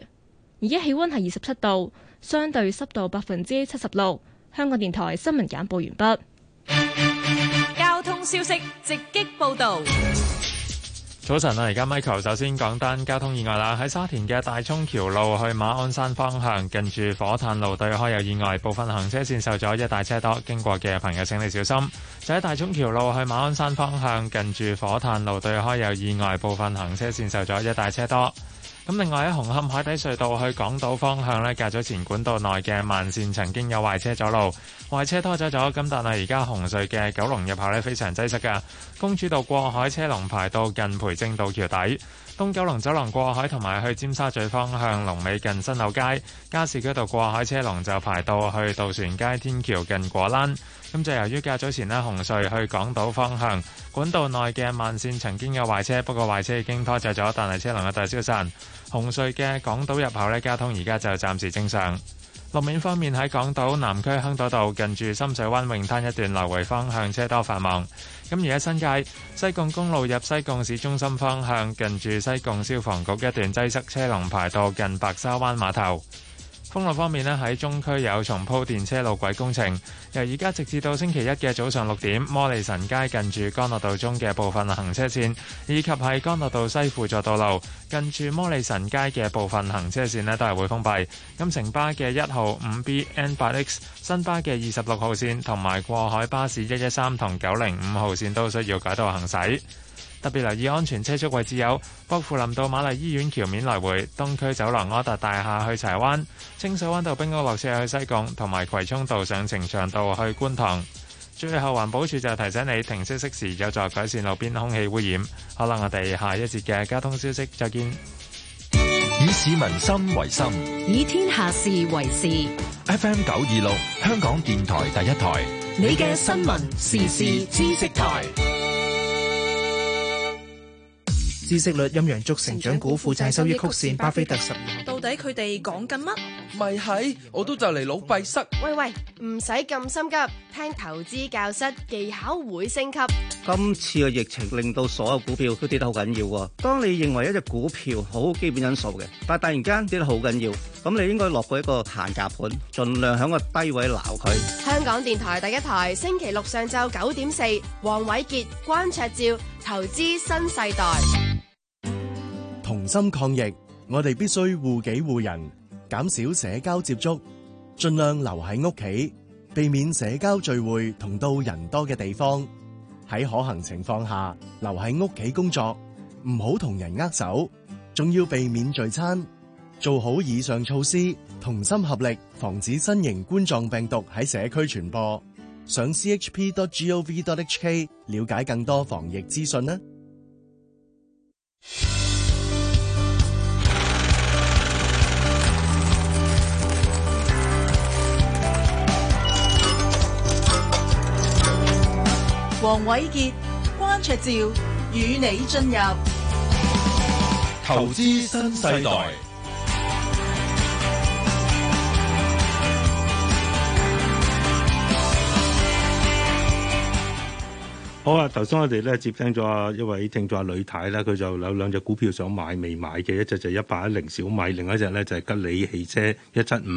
而家氣温係二十七度，相對濕度百分之七十六。香港電台新聞簡報完畢。交通消息直擊報導。早晨啊，而家 Michael 首先講單交通意外啦，喺沙田嘅大涌橋路去馬鞍山方向，近住火炭路對開有意外，部分行車線受阻，一帶車多，經過嘅朋友請你小心。就喺大涌橋路去馬鞍山方向，近住火炭路對開有意外，部分行車線受阻，一帶車多。咁另外喺紅磡海底隧道去港島方向呢，隔咗前管道內嘅慢線曾經有壞車阻路，壞車拖走咗。咁但係而家紅隧嘅九龍入口呢，非常擠塞嘅，公主道過海車龍排到近培正道橋底，東九龍走廊過海同埋去尖沙咀方向龍尾近新樓街，加士居道過海車龍就排到去渡船街天橋近果欄。咁就由於較早前呢，紅隧去港島方向管道內嘅慢線曾經有壞車，不過壞車已經拖走咗，但係車龍嘅大消散。紅隧嘅港島入口呢，交通而家就暫時正常。路面方面，喺港島南區香島道近住深水灣泳灘一段，來回方向車多繁忙。咁而家新界西貢公路入西貢市中心方向，近住西貢消防局一段擠塞，車龍排到近白沙灣碼頭。封路方面咧，喺中區有重鋪電車路軌工程，由而家直至到星期一嘅早上六點，摩利臣街近住干諾道中嘅部分行車線，以及喺干諾道西輔助道路近住摩利臣街嘅部分行車線呢都係會封閉。金城巴嘅一號、五 B、N 八 X，新巴嘅二十六號線，同埋過海巴士一一三同九零五號線都需要改道行駛。特別留意安全車速位置有：薄扶林道瑪麗醫院橋面來回、東區走廊柯達大廈去柴灣、清水灣道兵工落車去西貢，同埋葵涌道上呈祥道去觀塘。最後環保署就提醒你停車熄匙有助改善路邊空氣污染。好啦，我哋下一節嘅交通消息，再見。以市民心為心，以天下事為事。F M 九二六，香港電台第一台，你嘅新聞時事知識台。知識率、陰陽燭、成長股、負債收益曲線、巴菲特十年，到底佢哋講緊乜？咪係我都就嚟腦閉塞。喂喂，唔使咁心急，聽投資教室技巧會升級。今次嘅疫情令到所有股票都跌得好緊要。當你認為一隻股票好基本因素嘅，但係突然間跌得好緊要，咁你應該落過一個限價盤，盡量喺個低位撈佢。香港電台第一台，星期六上晝九點四，黃瑋傑、關焯照，投資新世代。同心抗疫，我哋必須護己護人，減少社交接觸，盡量留喺屋企，避免社交聚會同到人多嘅地方。喺可行情況下，留喺屋企工作，唔好同人握手，仲要避免聚餐。做好以上措施，同心合力，防止新型冠狀病毒喺社區傳播。上 chp.gov.hk 了解更多防疫資訊啦。黃瑋傑、關焯照與你進入投資新世代。好啊！頭先我哋咧接聽咗啊一位聽眾阿呂太啦，佢就有兩隻股票想買未買嘅，一隻就一八一零小米，另一隻咧就係吉利汽車一七五，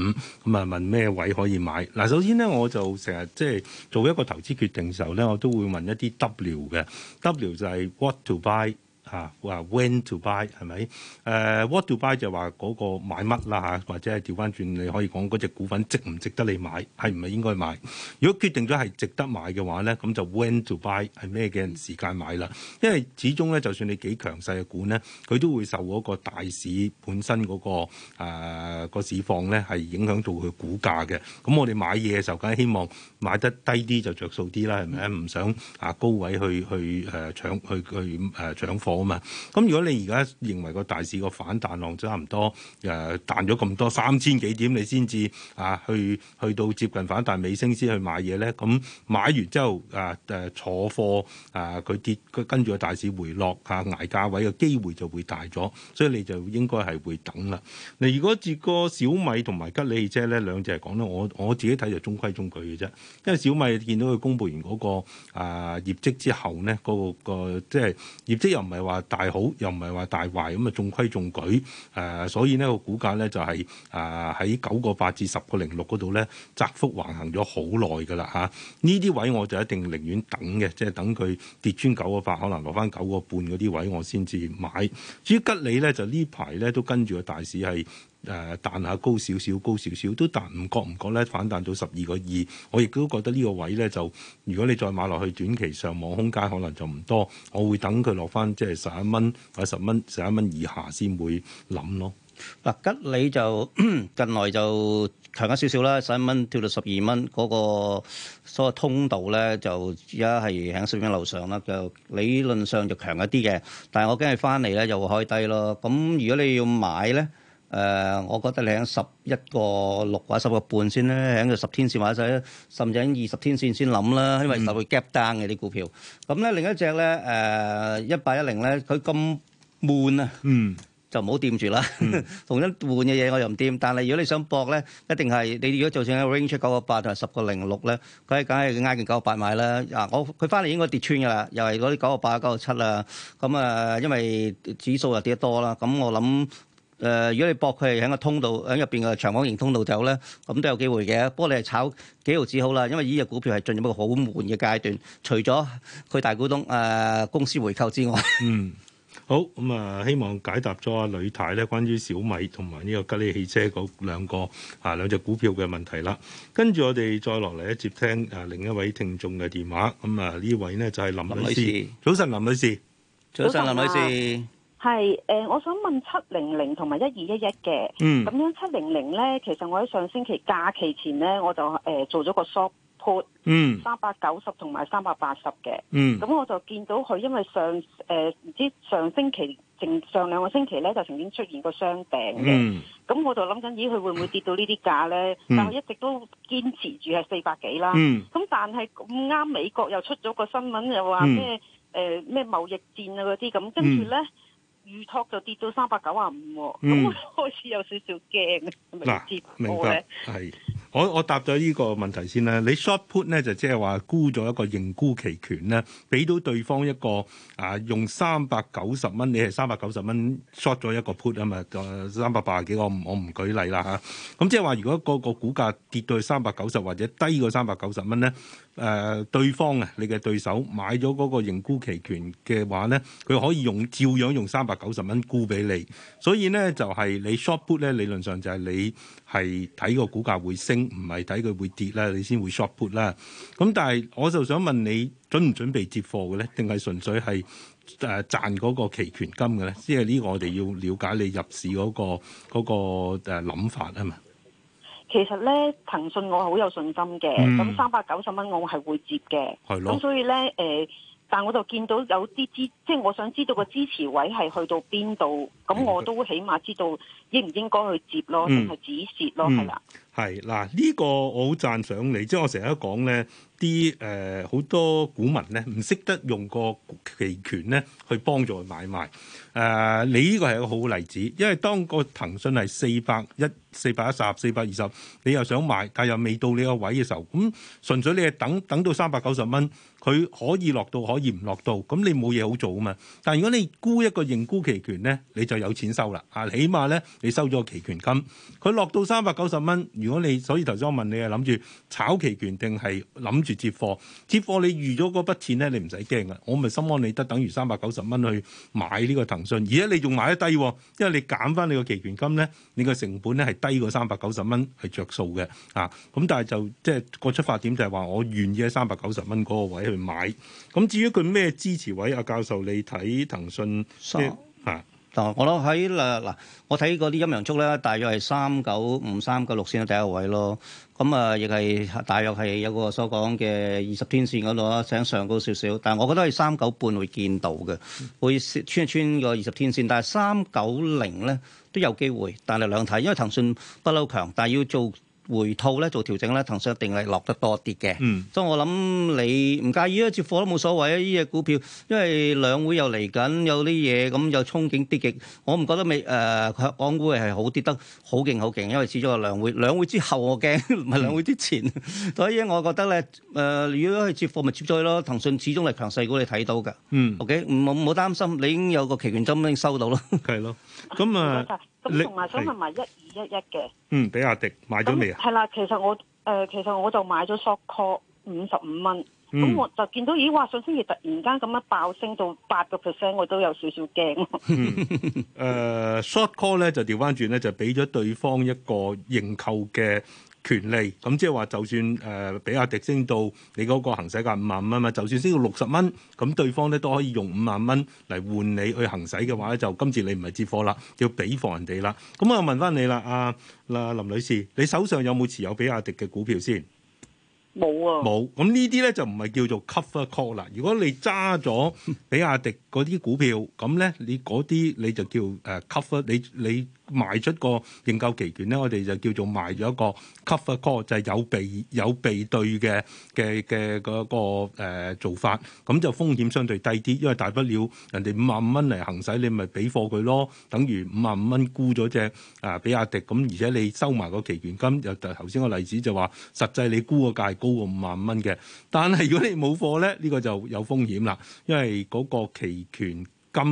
咁啊問咩位可以買？嗱，首先呢，我就成日即係做一個投資決定嘅時候咧，我都會問一啲 W 嘅 W 就係 What to buy。嚇話 when to buy 係咪？誒 what to buy 就話嗰個買乜啦吓，或者係調翻轉，你可以講嗰隻股份值唔值得你買，係唔係應該買？如果決定咗係值得買嘅話咧，咁就 when to buy 係咩嘅時間買啦？因為始終咧，就算你幾強勢嘅股咧，佢都會受嗰個大市本身嗰個誒個市況咧係影響到佢股價嘅。咁我哋買嘢嘅時候梗係希望買得低啲就着數啲啦，係咪？唔想啊高位去去誒、呃、搶去去誒、呃、搶貨。咁啊，咁、嗯、如果你而家認為個大市個反彈浪差唔多，誒、呃、彈咗咁多三千幾點，你先至啊去去到接近反彈尾聲先去買嘢咧，咁、嗯、買完之後啊誒、啊、坐貨啊佢跌，佢跟住個大市回落嚇捱、啊、價位嘅機會就會大咗，所以你就應該係會等啦。你、嗯、如果接個小米同埋吉利汽車咧兩隻嚟講咧，我我自己睇就中規中矩嘅啫，因為小米見到佢公佈完嗰、那個啊業績之後咧，嗰、那個、那個即係、那個、業績又唔係。話大好又唔係話大壞咁啊，中規中矩誒，所以呢個股價咧就係誒喺九個八至十個零六嗰度咧窄幅橫行咗好耐噶啦吓，呢啲位我就一定寧願等嘅，即係等佢跌穿九個八，可能落翻九個半嗰啲位我先至買。至於吉利咧，就呢排咧都跟住個大市係。誒、呃、彈下高少少，高少少都彈，唔覺唔覺咧反彈到十二個二，我亦都覺得呢個位咧就，如果你再買落去，短期上望空間可能就唔多，我會等佢落翻即係十一蚊或者十蚊、十一蚊以下先會諗咯。嗱，吉利就近來就強緊少少啦，十一蚊跳到十二蚊，嗰、那個所謂通道咧就而家係喺水平樓上啦，就理論上就強一啲嘅，但係我驚係翻嚟咧就會開低咯。咁如果你要買咧？誒，我覺得你喺十一個六或者十個半先咧，喺個十天線或者甚至喺二十天線先諗啦，因為就會 gap down 嘅啲股票。咁咧另一隻咧，誒一八一零咧，佢咁悶啊，就唔好掂住啦。同一換嘅嘢我又唔掂，但係如果你想搏咧，一定係你如果就算喺 range check 九個八同埋十個零六咧，佢梗係挨近九個八買啦。嗱，我佢翻嚟應該跌穿噶啦，又係嗰啲九個八九個七啦。咁啊，因為指數又跌得多啦，咁我諗。誒、呃，如果你搏佢係喺個通道，喺入邊個長方形通道走咧，咁都有機會嘅。不過你係炒幾毫子好啦，因為呢隻股票係進入一個好悶嘅階段，除咗佢大股東誒、呃、公司回購之外。嗯，好，咁、嗯、啊，希望解答咗阿呂太咧關於小米同埋呢個吉利汽車嗰兩個啊兩隻股票嘅問題啦。跟住我哋再落嚟接聽啊另一位聽眾嘅電話。咁、嗯、啊，呢位呢就係、是、林女士。早晨，林女士。早晨，林女士。係誒，我想問七零零同埋一二一一嘅，咁樣七零零咧，其實我喺上星期假期前咧，我就誒做咗個 support，三百九十同埋三百八十嘅，咁我就見到佢，因為上誒唔知上星期定上兩個星期咧，就曾經出現過雙頂嘅，咁我就諗緊咦佢會唔會跌到呢啲價咧？但係一直都堅持住係四百幾啦，咁但係咁啱美國又出咗個新聞，又話咩誒咩貿易戰啊嗰啲咁，跟住咧。預託就跌到三百九啊五，咁、嗯、開始有少少驚。嗱、啊，知明白，係，我我答咗呢個問題先啦。你 short put 咧就即係話沽咗一個認沽期權咧，俾到對方一個啊，用三百九十蚊，你係三百九十蚊 short 咗一個 put 啊嘛，三百八十幾，我我唔舉例啦嚇。咁即係話，如果個股價跌到去三百九十或者低過三百九十蚊咧？誒、呃、對方啊，你嘅對手買咗嗰個認沽期權嘅話咧，佢可以用照樣用三百九十蚊沽俾你。所以咧就係、係、你 short put 咧，理論上就係你係睇個股價會升，唔係睇佢會跌啦，你先會 short put 啦。咁但係我就想問你，準唔準備接貨嘅咧？定係純粹係誒賺嗰個期權金嘅咧？即係呢個我哋要了解你入市嗰、嗰個嗰、嗰個諗法啊嘛。其實咧，騰訊我係好有信心嘅，咁三百九十蚊我係會接嘅。係咯。咁所以咧，誒、呃，但我就見到有啲支，即係我想知道個支持位係去到邊度，咁我都起碼知道應唔應該去接咯，同埋、嗯、止蝕咯，係啦、嗯。係嗱，呢、這個我好讚賞你，即係我成日都講咧，啲誒好多股民咧唔識得用個期權咧去幫助佢買賣。誒、呃，你呢個係一個好例子，因為當個騰訊係四百一、四百一十、四百二十，你又想買，但係又未到你個位嘅時候，咁純粹你係等，等到三百九十蚊。佢可以落到可以唔落到？咁你冇嘢好做啊嘛！但係如果你沽一個認沽期權咧，你就有錢收啦。啊，起碼咧你收咗個期權金，佢落到三百九十蚊。如果你，所以頭先我問你係諗住炒期權定係諗住接貨？接貨你預咗嗰筆錢咧，你唔使驚嘅。我咪心安理得，等於三百九十蚊去買呢個騰訊，而家你仲買得低，因為你減翻你個期權金咧，你個成本咧係低過三百九十蚊係着數嘅。啊，咁但係就即係個出發點就係話我願意喺三百九十蚊嗰個位去買，咁至於佢咩支持位？阿教授你睇騰訊，嚇、啊嗯，我咯喺啦嗱，我睇嗰啲陰陽燭咧，大約係三九五三九六先係第一位咯。咁啊，亦係大約係有個所講嘅二十天線嗰度啦，想上高少少。但係我覺得係三九半會見到嘅，會穿一穿個二十天線。但係三九零咧都有機會，但係兩睇，因為騰訊不嬲強，但係要做。 回吐咧做調整咧，騰訊一定係落得多啲嘅，嗯、所以我諗你唔介意啊，接貨都冇所謂啊！呢隻股票，因為兩會又嚟緊，有啲嘢咁有憧憬跌極，我唔覺得未誒港股係好跌得好勁好勁，因為始終係兩會。嗯、兩會之後我驚，唔係兩會之前，所 以我覺得咧誒、呃，如果去接貨咪接咗佢咯。騰訊始終係強勢股，你睇到噶，OK 唔好冇擔心，你已經有個期權金已經收到啦。係咯，咁啊。咁同埋想問埋一二一一嘅，嗯，比亞迪買咗未啊？係啦，其實我誒、呃、其實我就買咗 short call 五十五蚊，咁、嗯、我就見到咦哇！上星期突然間咁樣爆升到八個 percent，我都有少少驚。誒 short call 咧就調翻轉咧，就俾咗對方一個認購嘅權利咁即係話，就算誒比、呃、亞迪升到你嗰個行使價五萬五蚊嘛，就算升到六十蚊，咁對方咧都可以用五萬蚊嚟換你去行使嘅話咧，就今次你唔係接貨啦，要俾貨人哋啦。咁、嗯、我問翻你啦，阿、啊、阿林女士，你手上有冇持有比亞迪嘅股票先？冇啊！冇。咁呢啲咧就唔係叫做 cover call 啦。如果你揸咗比亞迪嗰啲股票，咁咧你嗰啲你就叫誒 cover，你你。你賣出個認購期權咧，我哋就叫做賣咗個 cover call，就係有備有備對嘅嘅嘅個個、呃、做法，咁就風險相對低啲，因為大不了人哋五萬五蚊嚟行使，你咪俾貨佢咯，等於五萬五蚊沽咗隻啊，比亞迪，咁而且你收埋個期權金，又頭先個例子就話，實際你沽個價係高過五萬五蚊嘅，但係如果你冇貨咧，呢、呢個就有風險啦，因為嗰個期權。金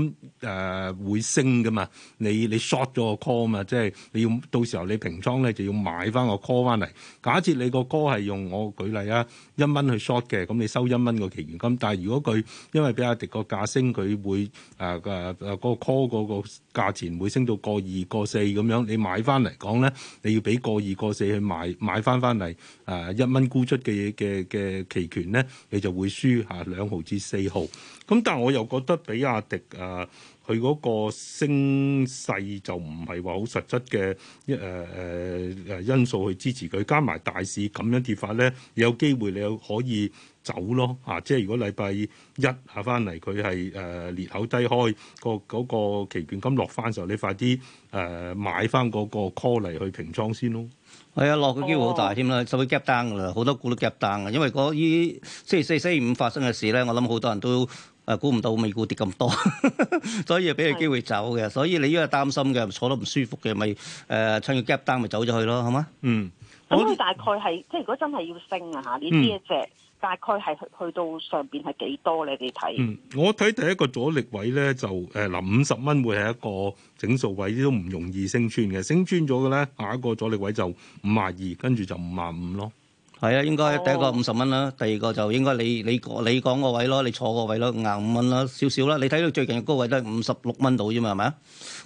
誒、呃、會升嘅嘛，你你 short 咗個 call 嘛，即係你要到時候你平倉咧就要買翻個 call 翻嚟。假設你個 call 係用我舉例啊，一蚊去 short 嘅，咁你收一蚊個期權金。但係如果佢因為比亞迪價、呃那個、個價升，佢會誒誒個 call 個個價錢會升到個二個四咁樣，你買翻嚟講咧，你要俾個二個四去買買翻翻嚟誒一蚊沽出嘅嘅嘅期權咧，你就會輸嚇兩毫至四毫。咁但係我又覺得比亞迪啊，佢、呃、嗰個升勢就唔係話好實質嘅一誒誒誒因素去支持佢，加埋大市咁樣跌法咧，有機會你又可以走咯嚇、啊。即係如果禮拜一嚇翻嚟佢係誒裂口低開、嗰個嗰個期權金落翻嘅時候，你快啲誒、呃、買翻嗰個 call 嚟去平倉先咯。係啊，落嘅機會好大添啦，甚至係 gap down 㗎啦，好多股都 gap down 嘅，因為嗰啲星期四、星期五發生嘅事咧，我諗好多人都。啊！估唔到美股跌咁多，所以俾個機會走嘅。所以你呢個擔心嘅，坐得唔舒服嘅，咪誒趁個 gap down 咪走咗去咯，好嘛？嗯。咁你大概係即係如果真係要升啊嚇，呢啲一隻大概係去到上邊係幾多？你哋睇？嗯，我睇第一個阻力位咧就誒臨五十蚊會係一個整數位，都唔容易升穿嘅。升穿咗嘅咧，下一個阻力位就五萬二，跟住就五萬五咯。係啊，應該第一個五十蚊啦，oh. 第二個就應該你你講你講個位咯，你坐個位咯，硬五蚊啦，少少啦。你睇到最近高位都係五十六蚊到啫嘛，係咪啊？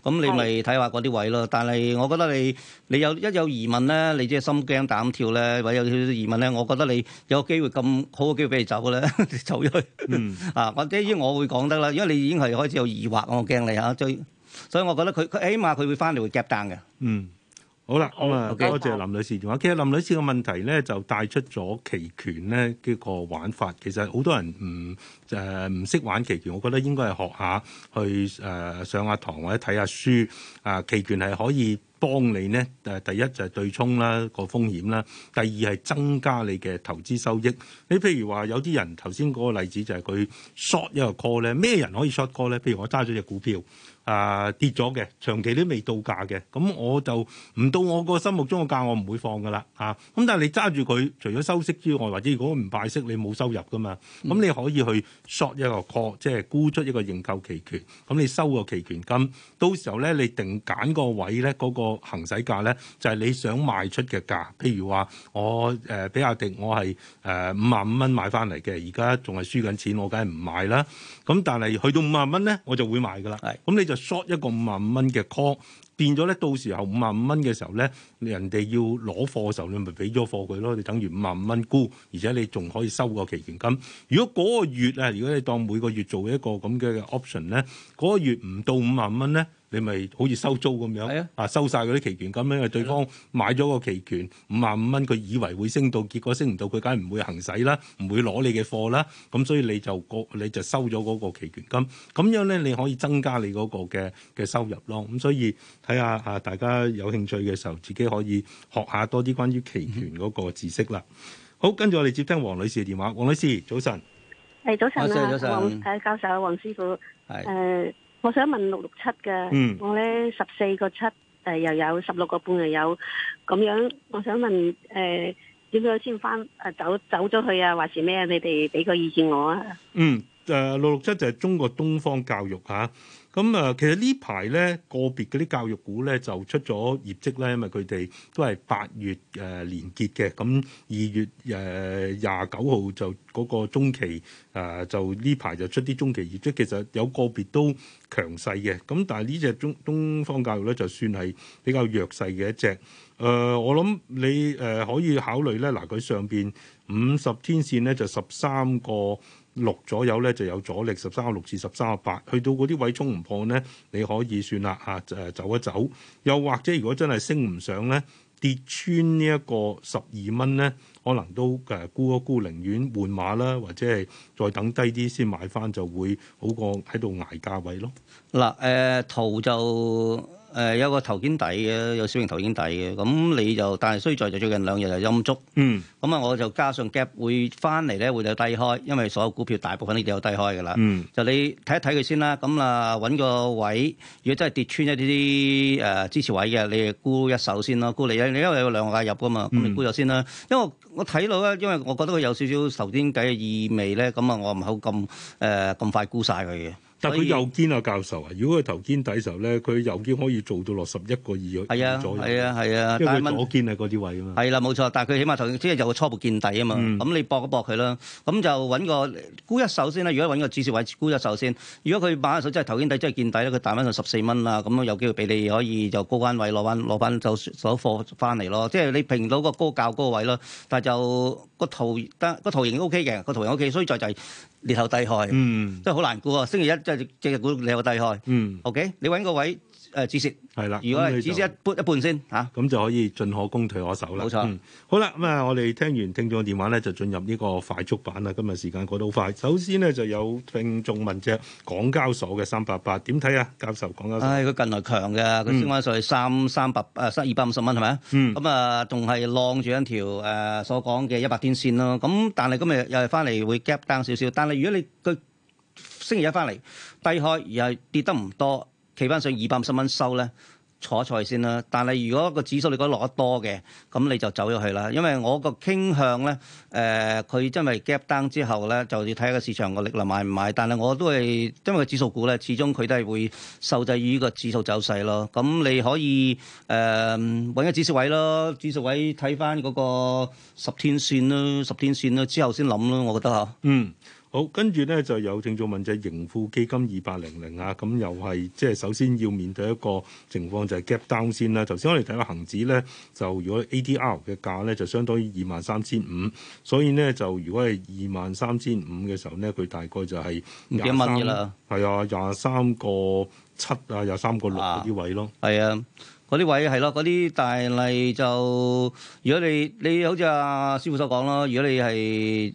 咁你咪睇下嗰啲位咯。是但係我覺得你你有一有疑問咧，你即係心驚膽跳咧，或者有少少疑問咧，我覺得你有機會咁好嘅機會俾你， 你走咧，走咗去。嗯。Mm. 啊，我至於我會講得啦，因為你已經係開始有疑惑，我驚你嚇最。所以我覺得佢佢起碼佢會翻嚟會 cap down 嘅。嗯。Mm. 好啦，咁啊，多謝林女士電話。其實林女士嘅問題咧，就帶出咗期權咧呢個玩法。其實好多人唔誒唔識玩期權，我覺得應該係學下去誒、呃、上下堂或者睇下書。啊、呃，期權係可以幫你咧誒，第一就係對沖啦個風險啦，第二係增加你嘅投資收益。你譬如話有啲人頭先嗰個例子就係佢 short 一個 call 咧，咩人可以 short call 咧？譬如我揸咗隻股票。啊、呃、跌咗嘅，長期都未到價嘅，咁我就唔到我個心目中嘅價，我唔會放噶啦，啊！咁但係你揸住佢，除咗收息之外，或者如果唔派息，你冇收入噶嘛，咁、嗯、你可以去 short 一個 call，即係沽出一個認購期權，咁你收個期權金，到時候咧你定揀個位咧，嗰、那個行使價咧就係、是、你想賣出嘅價，譬如話我誒比亞迪我係誒五萬五蚊買翻嚟嘅，而家仲係輸緊錢，我梗係唔賣啦。咁但係去到五萬蚊咧，我就會賣噶啦。係的，咁你就 short 一個五萬五蚊嘅 call，變咗咧，到時候五萬五蚊嘅時候咧，人哋要攞貨嘅時候，你咪俾咗貨佢咯，你等於五萬五蚊沽，而且你仲可以收個期權金。如果嗰個月啊，如果你當每個月做一個咁嘅 option 咧，嗰個月唔到五萬蚊咧，你咪好似收租咁樣，啊，收晒嗰啲期權金咧，啊、因為對方買咗個期權五萬五蚊，佢以為會升到，結果升唔到，佢梗係唔會行使啦，唔會攞你嘅貨啦，咁所以你就個你就收咗嗰個期權金，咁樣咧你可以增加你嗰個嘅嘅收入咯。咁所以睇下啊，大家有興趣嘅時候，自己可以學下多啲關於期權嗰個知識啦。嗯、好，跟住我哋接聽黃女士嘅電話。黃女士，早晨。誒，早晨啊，黃誒晨教授，黃師傅，係誒是。呃我想問六六七嘅，我呢十四個七，誒又有十六個半又有咁樣。我想問誒點、呃、樣先返誒走走咗去啊？還是咩？你哋俾個意見我啊。嗯、誒六六七就係中國東方教育嚇。啊咁啊，其實呢排咧個別嗰啲教育股咧就出咗業績咧，因為佢哋都係八月誒年結嘅，咁二月誒廿九號就嗰個中期誒就呢排就出啲中期業績，其實有個別都強勢嘅，咁但係呢隻中東方教育咧，就算係比較弱勢嘅一隻。誒，我諗你誒可以考慮咧，嗱佢上邊五十天線咧就十三個。六左右咧就有阻力，十三個六至十三個八，去到嗰啲位衝唔破咧，你可以算啦嚇誒走一走。又或者如果真係升唔上咧，跌穿呢一個十二蚊咧，可能都誒估一估，寧願換馬啦，或者係再等低啲先買翻，就會好過喺度捱價位咯。嗱誒、呃、圖就。誒有個頭肩底嘅，有小型頭肩底嘅。咁你就但係衰在就最近兩日就陰足。嗯。咁啊，我就加上 gap 會翻嚟咧，會有低開，因為所有股票大部分啲都有低開噶啦。嗯。就你睇一睇佢先啦。咁啊，揾個位，如果真係跌穿一啲誒、呃、支持位嘅，你誒沽一手先咯，沽你一，你因為有兩個介入噶嘛，咁你沽咗先啦。嗯、因為我睇到咧，因為我覺得佢有少少頭肩底嘅意味咧，咁啊，我唔好咁誒咁快沽晒佢嘅。但佢右肩啊，教授啊，如果佢頭肩底時候咧，佢右肩可以做到落十一個二左右，係啊，係啊，係啊，因為佢左肩係嗰啲位啊嘛。係啦，冇、啊、錯，但係佢起碼頭即係有個初步見底啊嘛。咁、嗯、你搏一搏佢啦，咁就揾個沽一手先啦。如果揾個止蝕位沽一手先，如果佢買一手即係頭肩底即係見底咧，佢彈翻到十四蚊啦，咁有機會俾你可以就高關位攞翻攞翻手手貨翻嚟咯。即係你平到個高較高位咯。但係就、個圖得、個個圖形 O K 嘅，個圖形 O、OK、K，所以就係、係。裂口低開，嗯，真係好難估啊！星期一即係正日估又裂口低開，害嗯，OK，你揾個位。誒止蝕係啦，呃、的如果止蝕一半一半先嚇，咁就，、啊、就可以進可攻退可守啦。冇錯，嗯、好啦，咁啊，我哋聽完聽眾電話咧，就進入呢個快速版啦。今日時間過得好快，首先咧就有聽眾問啫，港交所嘅三八八點睇啊？教授，港交，誒、哎，佢近來強嘅，佢先開在三三百誒，三二百五十蚊係咪啊？咁啊，仲係浪住一條誒、呃、所講嘅一百天線咯。咁但係今日又係翻嚟會 gap down 少少，但係如果你佢星期一翻嚟低開又係跌得唔多。企翻上二百五十蚊收咧，坐一坐先啦。但係如果個指數你覺得落得多嘅，咁你就走咗去啦。因為我個傾向咧，誒、呃、佢真係 gap down 之後咧，就要睇下個市場個力量買唔買。但係我都係因為個指數股咧，始終佢都係會受制於個指數走勢咯。咁你可以誒揾個指數位咯，指數位睇翻嗰個十天線啦，十天線啦之後先諗啦，我覺得嚇。嗯。好，跟住咧就有正造問者、就是、盈富基金二八零零啊，咁又係即係首先要面對一個情況就係、是、gap down 先啦。頭先我哋睇個恒指咧，就如果 ADR 嘅價咧就相當於二萬三千五，所以咧就如果係二萬三千五嘅時候咧，佢大概就係廿蚊㗎啦，係啊，廿三個七啊，廿三個六嗰啲位咯，係啊，嗰啲位係咯，嗰啲、啊、大例就如果你你好似阿師傅所講咯，如果你係。你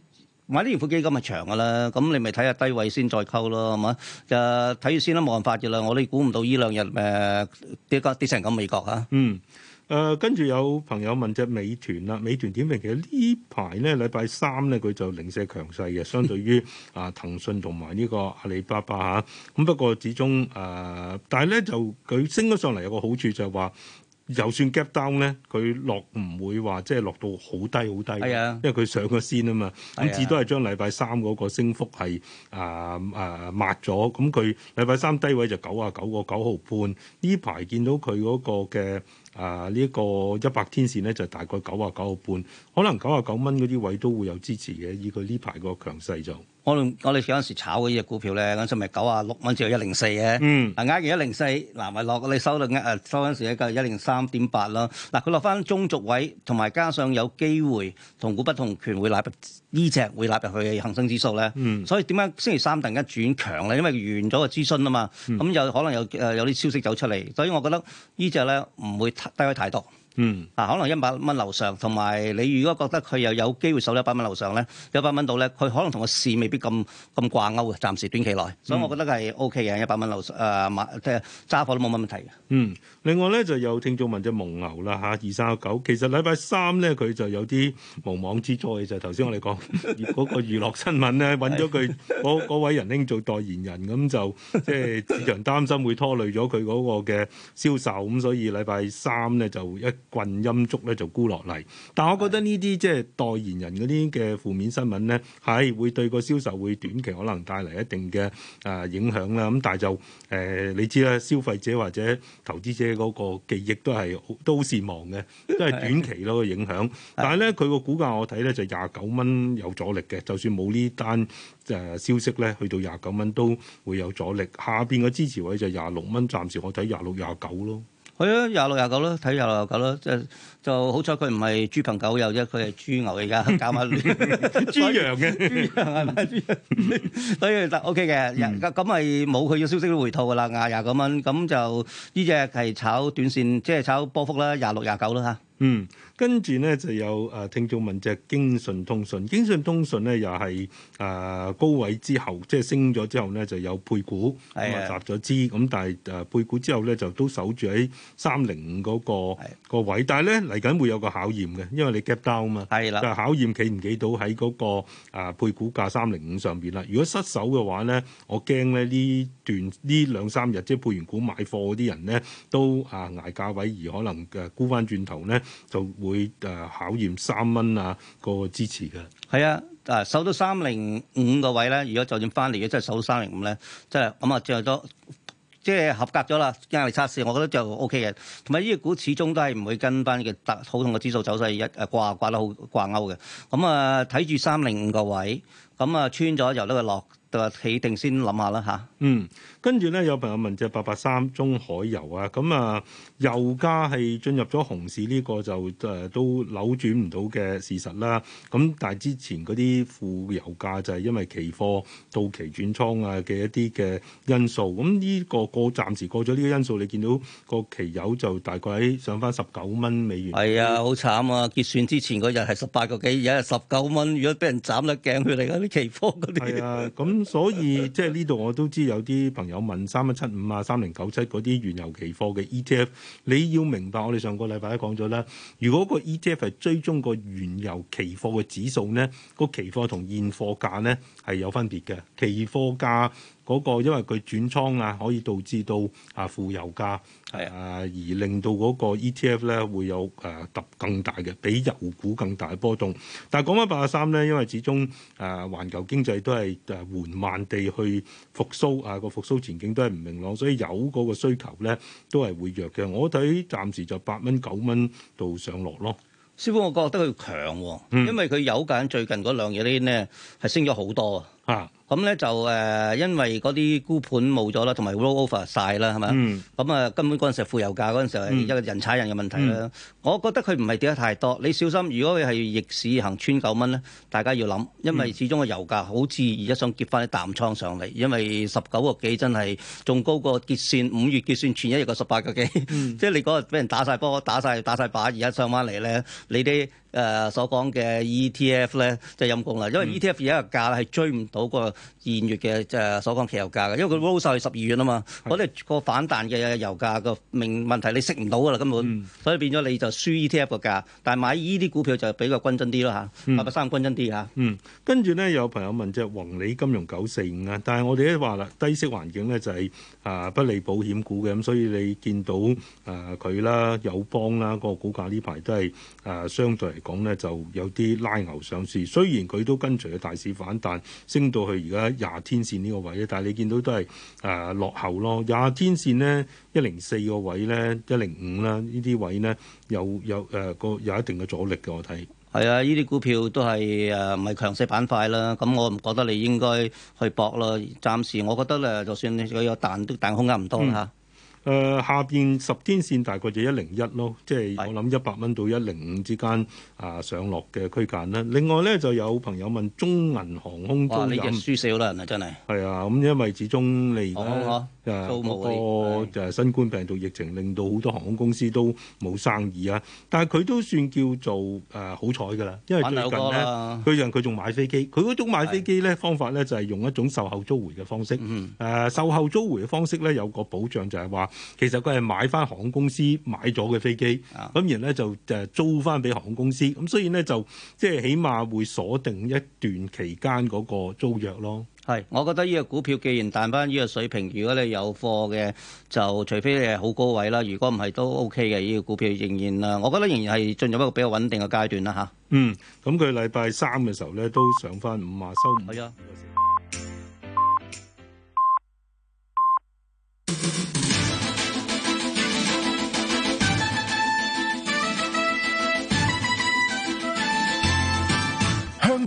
買啲盈富基金係長㗎啦，咁你咪睇下低位先再溝咯，係嘛？就睇住先啦，冇辦法㗎啦。我哋估唔到呢兩日誒跌跌成咁，呃、美國啊，嗯誒，跟、呃、住有朋友問隻美團啦，美團點評其實呢排咧，禮拜三咧佢就零舍強勢嘅，相對於啊騰訊同埋呢個阿里巴巴嚇咁、啊。不過始終誒、呃，但係咧就佢升咗上嚟，有個好處就係、是、話。就算 gap down 咧，佢落唔會話即係落到好低好低嘅。Yeah. 因為佢上咗先啊嘛，咁至多係將禮拜三嗰個升幅係啊啊抹咗，咁佢禮拜三低位就九啊九個九毫半，呢排見到佢嗰個嘅啊呢個一百天線咧就大概九啊九毫半。可能九啊九蚊嗰啲位都會有支持嘅，以佢呢排個強勢做。我哋我哋嗰陣時炒嘅呢隻股票咧，嗰陣時咪九啊六蚊至到一零四嘅。嗯，嗱壓住一零四，嗱咪落，你收到壓、啊，收嗰陣時咧一零三點八啦。嗱、啊，佢落翻中軸位，同埋加上有機會同股不同權會納，呢隻會納入去恒生指數咧。嗯，所以點解星期三突然間轉強咧？因為完咗個諮詢啊嘛，咁又、嗯、可能有誒有啲消息走出嚟，所以我覺得呢隻咧唔會低開太多。嗯，啊，可能一百蚊樓上，同埋你如果覺得佢又有機會收一百蚊樓上咧，一百蚊到咧，佢可能同個市未必咁咁掛鈎嘅，暫時短期內，所以我覺得係 O K 嘅，一百蚊樓上誒買即係揸貨都冇乜問題嘅。嗯，另外咧就有聽眾問隻蒙牛啦嚇、啊，二三一九，其實禮拜三咧佢就有啲無妄之災，就係頭先我哋講嗰個娛樂新聞咧揾咗佢嗰位仁兄做代言人，咁就即係市場擔心會拖累咗佢嗰個嘅銷售，咁所以禮拜三咧就一。棍音足咧就沽落嚟，但係我覺得呢啲即係代言人嗰啲嘅負面新聞咧，係會對個銷售會短期可能帶嚟一定嘅啊影響啦。咁但係就誒、呃，你知啦，消費者或者投資者嗰個記憶都係都好善忘嘅，都係短期咯嘅影響。 是的 但係咧佢個股價我睇咧就廿九蚊有阻力嘅，就算冇呢單誒消息咧，去到廿九蚊都會有阻力。下邊個支持位就廿六蚊，暫時我睇廿六廿九咯。係啊，廿六廿九咯，睇廿六廿九咯，即係。就好彩佢唔係豬朋狗友啫，佢係豬牛而家搞埋豬羊嘅豬羊，係咪豬所以就 OK 嘅，咁咪冇佢嘅消息都回吐㗎啦，廿廿九蚊，咁就呢隻係炒短線，即係炒波幅啦，廿六廿九啦吓，嗯，跟住呢就有啊聽眾問隻京信通訊，京信通訊呢又係啊高位之後，即係升咗之後呢就有配股，集咗資，咁但係啊配股之後呢，就都守住喺三零五嗰個個位，但係咧。嚟緊會有個考驗嘅，因為你 gap down 啊嘛，的就考驗企唔企到喺嗰個啊、呃、配股價三零五上邊啦。如果失手嘅話咧，我驚咧呢段呢兩三日即係配完股買貨嗰啲人咧都啊、呃、捱價位而可能誒沽返轉頭咧就會誒、呃、考驗三蚊啊個支持嘅。係啊，啊守到三零五個位咧，如果就算翻嚟嘅，即係守三零五咧，即係咁啊，最後都。即係合格咗啦，壓力測試，我覺得就 OK 嘅。同埋呢隻股始終都係唔會跟翻嘅大普通嘅指數走勢一掛掛得好掛鈎嘅。咁啊，睇住三零五個位，咁啊穿咗由得佢落。話起定先想想，諗下啦嚇。嗯，跟住咧有朋友問隻八八三中海油啊，咁啊油價係進入咗熊市呢、呢個就誒、呃、都扭轉唔到嘅事實啦。咁但係之前嗰啲負油價就係因為期貨到期轉倉啊嘅一啲嘅因素。咁呢、呢個過暫時過咗呢個因素，你見到個期油就大概喺上返十九蚊美元。係啊、哎，好慘啊！結算之前嗰日係十八個幾，而家十九蚊，如果俾人斬甩頸佢嚟㗎啲期貨嗰啲。啊，咁、哎。嗯咁所以即係呢度我都知有啲朋友問三一七五啊、三零九七嗰啲原油期貨嘅 ETF，你要明白我哋上個禮拜都講咗啦，如果個 ETF 係追蹤個原油期貨嘅指數咧，個期貨同現貨價咧係有分別嘅，期貨價。嗰個因為佢轉倉啊，可以導致到啊負油價，誒的而令到嗰個 ETF 咧會有誒突、呃、更大嘅比油股更大嘅波動。但係講返八啊三咧，因為始終誒環、呃、球經濟都係誒緩慢地去復甦，啊個復甦前景都係唔明朗，所以油嗰個需求咧都係會弱嘅。我睇暫時就八蚊九蚊度上落咯。師傅，我覺得佢強喎、哦，因為佢有緊最近嗰兩日咧係升咗好多啊。啊，咁咧就誒、呃，因為嗰啲沽盤冇咗啦，同埋 roll over 晒啦，係咪？咁啊、嗯，根本嗰陣時係負油價，嗰陣時係一個人踩人嘅問題啦。嗯嗯、我覺得佢唔係跌得太多，你小心，如果佢係逆市行穿九蚊咧，大家要諗，因為始終個油價好似而家想結翻啲淡倉上嚟，因為十九個幾真係仲高過結算，五月結算前一日個十八個幾，即係、嗯、 你嗰日俾人打晒波，打晒打曬靶，而家上翻嚟咧，你啲。誒、呃、所講嘅 ETF 咧，即係陰公啦，因為 ETF 而家個價係追唔到嗰個現月嘅誒、呃、所講期油價嘅，因為佢 roll 晒去十二月啊嘛，我哋個反彈嘅油價個命問題你食唔到噶啦根本，所以變咗你就輸 ETF 個價，但係買依啲股票就比較均真啲咯嚇，三、啊、百三均真啲嚇、啊嗯。嗯，跟住呢，有朋友問隻宏利金融九四五啊，但係我哋都話啦，低息環境咧就係、是、啊、呃、不利保險股嘅，咁所以你見到誒佢、呃、啦、友邦啦、個股價呢排都係誒、呃、相對。講咧就有啲拉牛上市，雖然佢都跟隨咗大市反彈，升到去而家廿天線呢個位咧，但係你見到都係誒、呃、落後咯。廿天線呢，一零四個位咧一零五啦，呢啲位呢，有有誒個、呃、有一定嘅阻力嘅，我睇。係啊，呢啲股票都係誒唔係強勢板塊啦，咁我唔覺得你應該去搏咯。暫時我覺得咧，就算你有彈，都彈空間唔多啦。嗯誒、呃、下邊十天線大概就一零一咯，即係我諗一百蚊到一零五之間啊、呃、上落嘅區間啦。另外咧就有朋友問中銀航空租，哇！你嘅輸少啦，嗱，真係係啊，咁因為始終嚟緊啊好多誒新冠病毒疫情，令到好多航空公司都冇生意啊。但係佢都算叫做誒好彩㗎啦，因為最近咧，最近佢仲買飛機，佢嗰種買飛機咧是方法咧就係、是、用一種售後租回嘅方式。誒、呃、售後租回嘅方式咧有個保障就，就係話。其實佢係買翻航空公司買咗嘅飛機，咁、啊、然咧就就租翻俾航空公司，咁所以呢，就即係起碼會鎖定一段期間嗰個租約咯。係，我覺得呢個股票既然彈翻呢個水平，如果你有貨嘅，就除非你係好高位啦，如果唔係都 OK 嘅。呢、呢個股票仍然啊，我覺得仍然係進入一個比較穩定嘅階段啦吓。啊、嗯，咁佢禮拜三嘅時候咧都上翻五萬收唔五。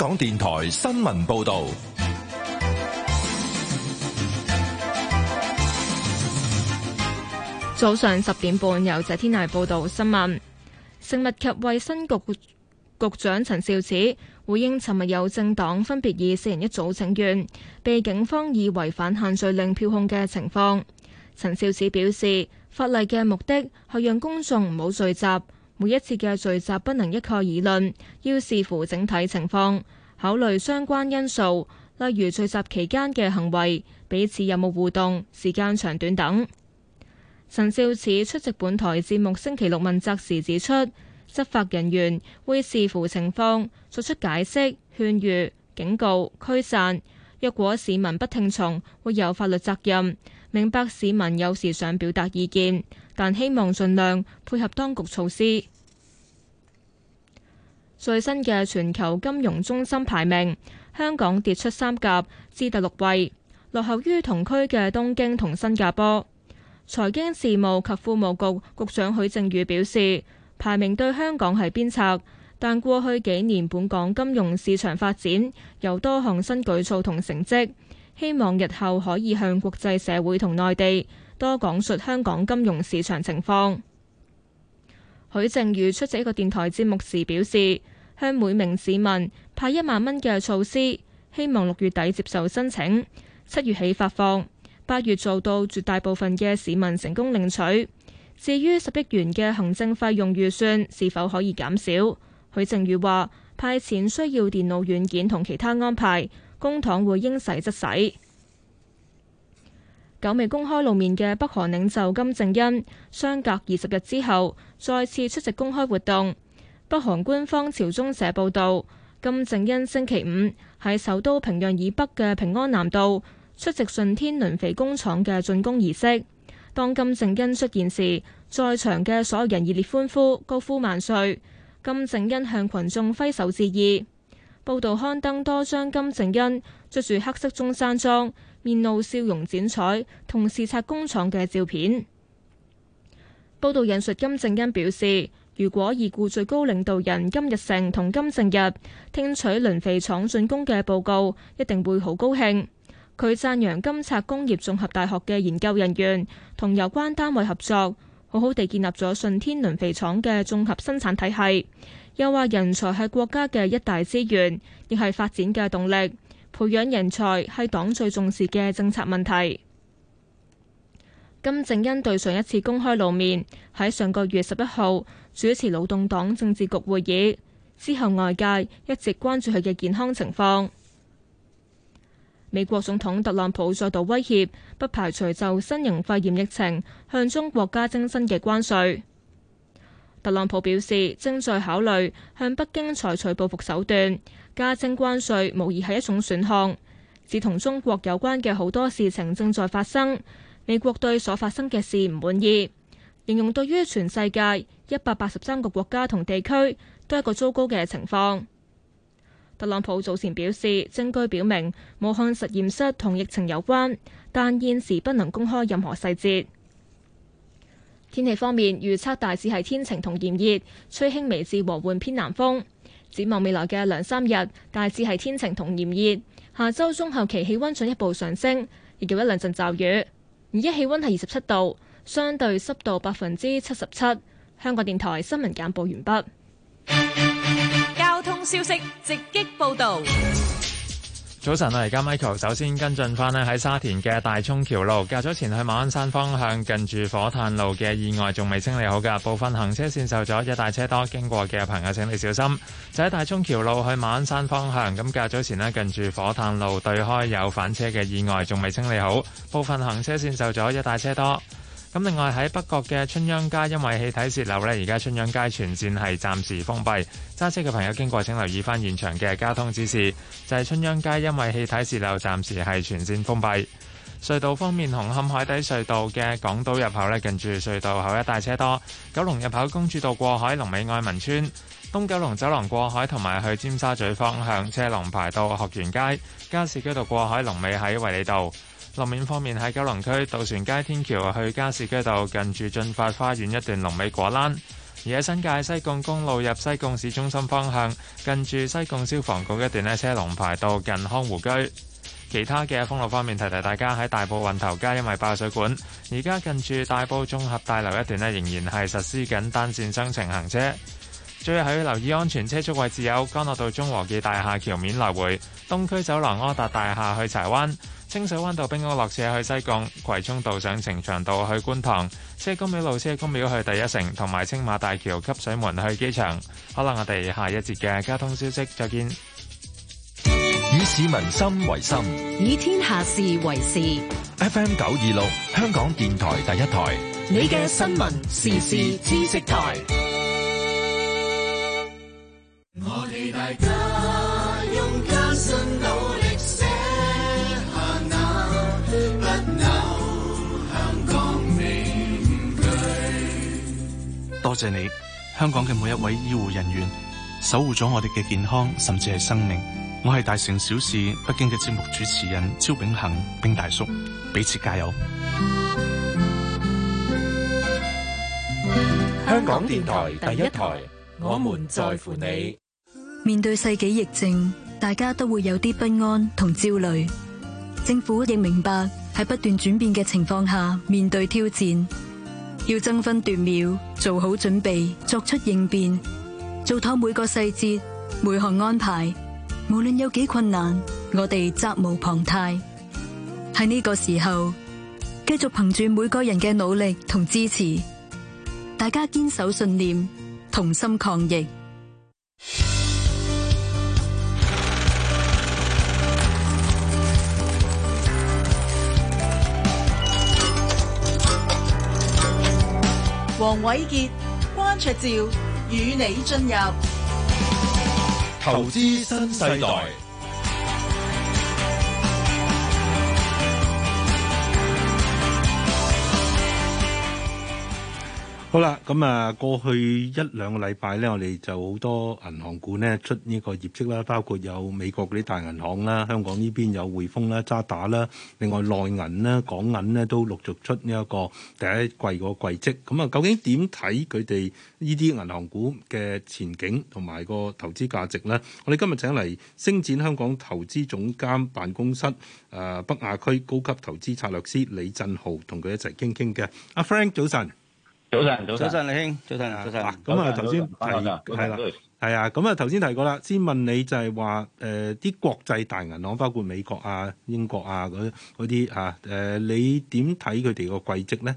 香港電台新聞報道，早上十點半由謝天涯報道新聞。食物及衛生局局長陳肇始回應，尋日有政黨分別以四人一組請願，被警方以違反限聚令票控嘅情況。陳肇始表示，法例嘅目的係讓公眾唔好聚集。每一次嘅聚集不能一概而論，要視乎整體情況，考慮相關因素，例如聚集期間嘅行為，彼此有冇互動、時間長短等。陳肇始出席本台節目星期六問責時指出，執法人員會視乎情況作出解釋、勸喻、警告、驅散。若果市民不聽從，會有法律責任。明白市民有時想表達意見。但希望盡量配合當局措施。最新嘅全球金融中心排名，香港跌出三甲，至第六位，落後於同區嘅東京同新加坡。財經事務及庫務局局長許正宇表示，排名對香港係鞭策，但過去幾年本港金融市場發展有多項新舉措同成績，希望日後可以向國際社會同內地。多講述香港金融市場情況。許正宇出席一個電台節目時表示，向每名市民派一萬蚊嘅措施，希望六月底接受申請，七月起發放，八月做到絕大部分嘅市民成功領取。至於十億元嘅行政費用預算是否可以減少，許正宇話派錢需要電腦軟件同其他安排，公帑會應使則使。久未公開露面嘅北韓領袖金正恩，相隔二十日之後再次出席公開活動。北韓官方朝中社報導，金正恩星期五喺首都平壤以北嘅平安南道出席順天輪肥工廠嘅竣工儀式。當金正恩出現時，在場嘅所有人熱烈歡呼，高呼萬歲。金正恩向群眾揮手致意。報道刊登多張金正恩着住黑色中山裝，面露笑容，剪彩同視察工廠嘅照片。報道引述金正恩表示，如果已故最高領導人金日成同金正日聽取磷肥廠竣工嘅報告，一定會好高興。佢贊揚金策工業綜合大學嘅研究人員同有關單位合作，好好地建立咗順天磷肥廠嘅綜合生產體系。又話人才係國家嘅一大資源，亦係發展嘅動力。培養人才係黨最重視嘅政策問題。金正恩對上一次公開露面，喺上個月十一號主持勞動黨政治局會議之後，外界一直關注佢嘅健康情況。美國總統特朗普再度威脅，不排除就新型肺炎疫情向中國加徵新嘅關稅。特朗普表示正在考慮向北京採取報復手段，加徵關稅無疑係一種選項。只同中國有關嘅好多事情正在發生，美國對所發生嘅事唔滿意，形容對於全世界一百八十三個國家同地區都係一個糟糕嘅情況。特朗普早前表示，證據表明武漢實驗室同疫情有關，但現時不能公開任何細節。天氣方面，預測大致係天晴同炎熱，吹輕微至和緩偏南風。展望未來嘅兩三日，大致係天晴同炎熱。下周中後期氣溫進一步上升，亦有一兩陣驟雨。而家氣溫係二十七度，相對濕度百分之七十七。香港電台新聞簡報完畢。交通消息直擊報道。早晨啊，而家 Michael 首先跟進返呢，喺沙田嘅大涌橋路，較早前去馬鞍山方向近住火炭路嘅意外仲未清理好嘅，部分行車線受咗一大車多，經過嘅朋友請你小心。就喺大涌橋路去馬鞍山方向，咁較早前呢，近住火炭路對開有反車嘅意外仲未清理好，部分行車線受咗一大車多。咁另外喺北角嘅春秧街，因為氣體泄漏咧，而家春秧街全線係暫時封閉揸車嘅朋友經過，請留意翻現場嘅交通指示，就係、是、春秧街因為氣體泄漏暫時係全線封閉隧道方面，紅磡海底隧道嘅港島入口咧近住隧道口一帶車多。九龍入口公主道過海龍尾愛民邨東九龍走廊過海同埋去尖沙咀方向車龍排到鶴園街，加士居道過海龍尾喺衛理道。路面方面，喺九龍區渡船街天橋去加士居道近住駿發花園一段龍尾果欄，而喺新界西貢公路入西貢市中心方向近住西貢消防局一段咧車龍排到近康湖居。其他嘅封路方面，提提大家喺大埔運頭街因為爆水管，而家近住大埔綜合大樓一段咧仍然係實施緊單線雙程行車。最後要留意安全車速位置，只有干諾道中和記大廈橋面來回，東區走廊柯達大廈去柴灣。清水灣道冰屋落車去西貢，葵涌道上呈祥道去觀塘，車公廟路車公廟去第一城，同埋青馬大橋汲水門去機場。可能我哋下一節嘅交通消息，再見。以市民心為心，以天下事為事。FM 九二六，香港電台第一台，你嘅新聞時事知識台。識台我哋大家用家心。多謝你，香港嘅每一位醫護人員守護咗我哋嘅健康，甚至係生命。我係大城小事北京嘅節目主持人焦炳恒，並大叔，彼此加油。香港電台第一台，台一台我們在乎你。面對世紀疫症，大家都會有啲不安同焦慮。政府亦明白喺不斷轉變嘅情況下面對挑戰。要爭分奪秒，做好準備，作出應變，做妥每個細節、每項安排。無論有幾困難，我哋責無旁貸。喺呢個時候，繼續憑住每個人嘅努力同支持，大家堅守信念，同心抗疫。黃瑋傑、關焯照與你進入投資新世代。好啦，咁、嗯、啊，過去一兩個禮拜咧，我哋就好多銀行股咧出呢個業績啦，包括有美國嗰啲大銀行啦，香港呢邊有匯豐啦、渣打啦，另外內銀啦、港銀咧都陸續出呢一個第一季個季績。咁、嗯、啊，究竟點睇佢哋呢啲銀行股嘅前景同埋個投資價值咧？我哋今日請嚟星展香港投資總監辦公室誒、呃、北亞區高級投資策略師李振豪同佢一齊傾傾嘅。阿、啊、Frank，早晨。早晨，早晨，李兄，早晨啊！咁啊上，頭先係啦，係啊，咁啊，頭先上提過啦，先問你就係話誒，啲，呃，國際大銀行，包括美國啊、英國啊嗰啲啊，誒，你點睇佢哋個季績咧？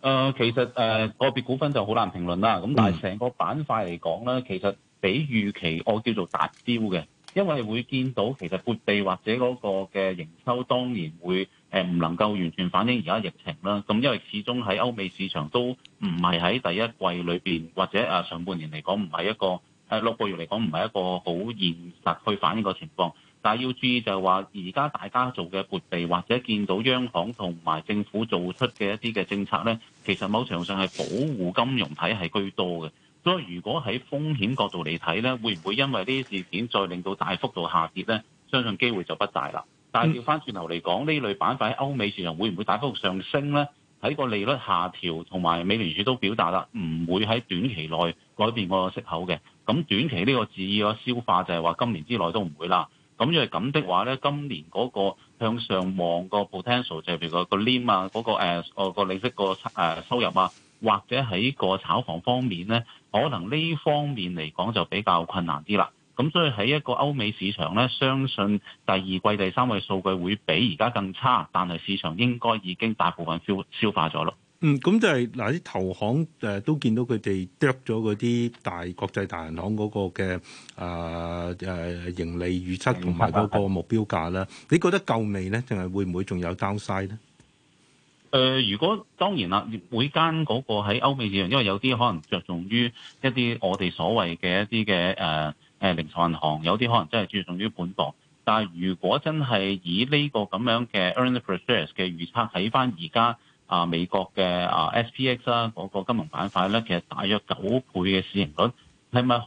誒，其實誒，呃，個別股份就好難評論啦。咁但係成個板塊嚟講咧，其實比預期我叫做達標嘅，因為會見到其實撥備或者嗰個嘅營收當然會。誒，唔能夠完全反映而家疫情啦，咁因為始終喺歐美市場都唔係喺第一季裏邊，或者啊上半年嚟講，唔係一個誒六個月嚟講唔係一個好現實去反映個情況。但係要注意就係話，而家大家做嘅撥備或者見到央行同埋政府做出嘅一啲嘅政策呢，其實某程度上係保護金融體係居多嘅。所以如果喺風險角度嚟睇呢，會唔會因為呢啲事件再令到大幅度下跌呢？相信機會就不大啦。嗯、但係調翻轉頭嚟講，呢類板塊喺歐美市場會唔會大幅上升咧？喺個利率下調同埋美聯儲都表達啦，唔會喺短期內改變個息口嘅。咁短期呢個意義嘅消化就係話今年之內都唔會啦。咁因為咁的話咧，今年嗰個向上望個 potential 就係譬如個個 NIM、那、啊、個，嗰、呃那個誒利息個誒收入啊，或者喺個炒房方面咧，可能呢方面嚟講就比較困難啲啦。咁、嗯、所以喺一個歐美市場咧，相信第二季、第三季數據會比而家更差，但係市場應該已經大部分消消化咗咯。嗯，咁就係嗱啲投行誒、呃、都見到佢哋啄咗嗰啲大國際大銀行嗰個嘅誒誒盈利預測同埋嗰個目標價啦。嗯、你覺得夠未咧？定係會唔會仲有 downside 咧？誒、呃，如果當然啦，每間嗰個喺歐美市場，因為有啲可能着重於一啲我哋所謂嘅一啲嘅誒。呃誒，零售銀行有啲可能真係注重於本港，但係如果真係以呢個咁樣嘅 earn the precious 嘅預測，睇翻而家啊美國嘅啊 SPX 啦嗰個金融板塊咧，其實大約九倍嘅市盈率是是，係咪好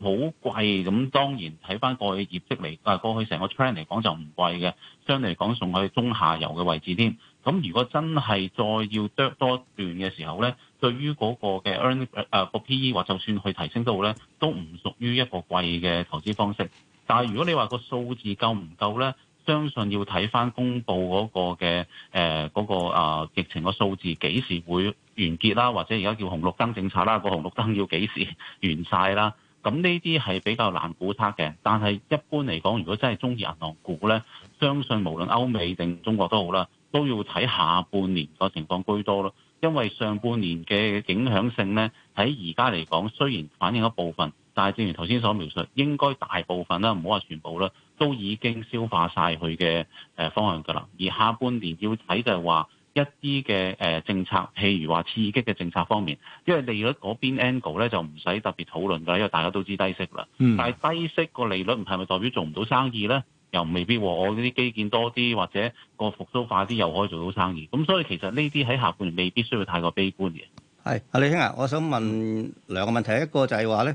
好貴？咁當然睇翻過去業績嚟，但、啊、係過去成個 trend 嚟講就唔貴嘅，相對嚟講送去中下游嘅位置添。咁如果真係再要多多一段嘅時候呢，對於嗰個嘅 earn 誒個 P E arn,、uh, PE, 或就算去提升到呢都唔屬於一個貴嘅投資方式。但係如果你話個數字夠唔夠呢，相信要睇翻公布嗰個嘅誒嗰個啊、uh, 疫情個數字幾時會完結啦，或者而家叫紅綠燈政策啦，個紅綠燈要幾時完晒啦？咁呢啲係比較難估測嘅。但係一般嚟講，如果真係中意銀行股呢，相信無論歐美定中國都好啦。都要睇下半年個情況居多咯，因為上半年嘅影響性咧，喺而家嚟講雖然反映一部分，但係正如頭先所描述，應該大部分啦，唔好話全部啦，都已經消化晒佢嘅誒方向噶啦。而下半年要睇就係話一啲嘅誒政策，譬如話刺激嘅政策方面，因為利率嗰邊 angle 咧就唔使特別討論㗎，因為大家都知低息啦。嗯。但係低息個利率唔係咪代表做唔到生意咧？又未必喎，我嗰啲基建多啲，或者個復甦快啲，又可以做到生意。咁所以其實呢啲喺下半年未必需要太過悲觀嘅。係阿李兄啊，我想問兩個問題，一個就係話咧。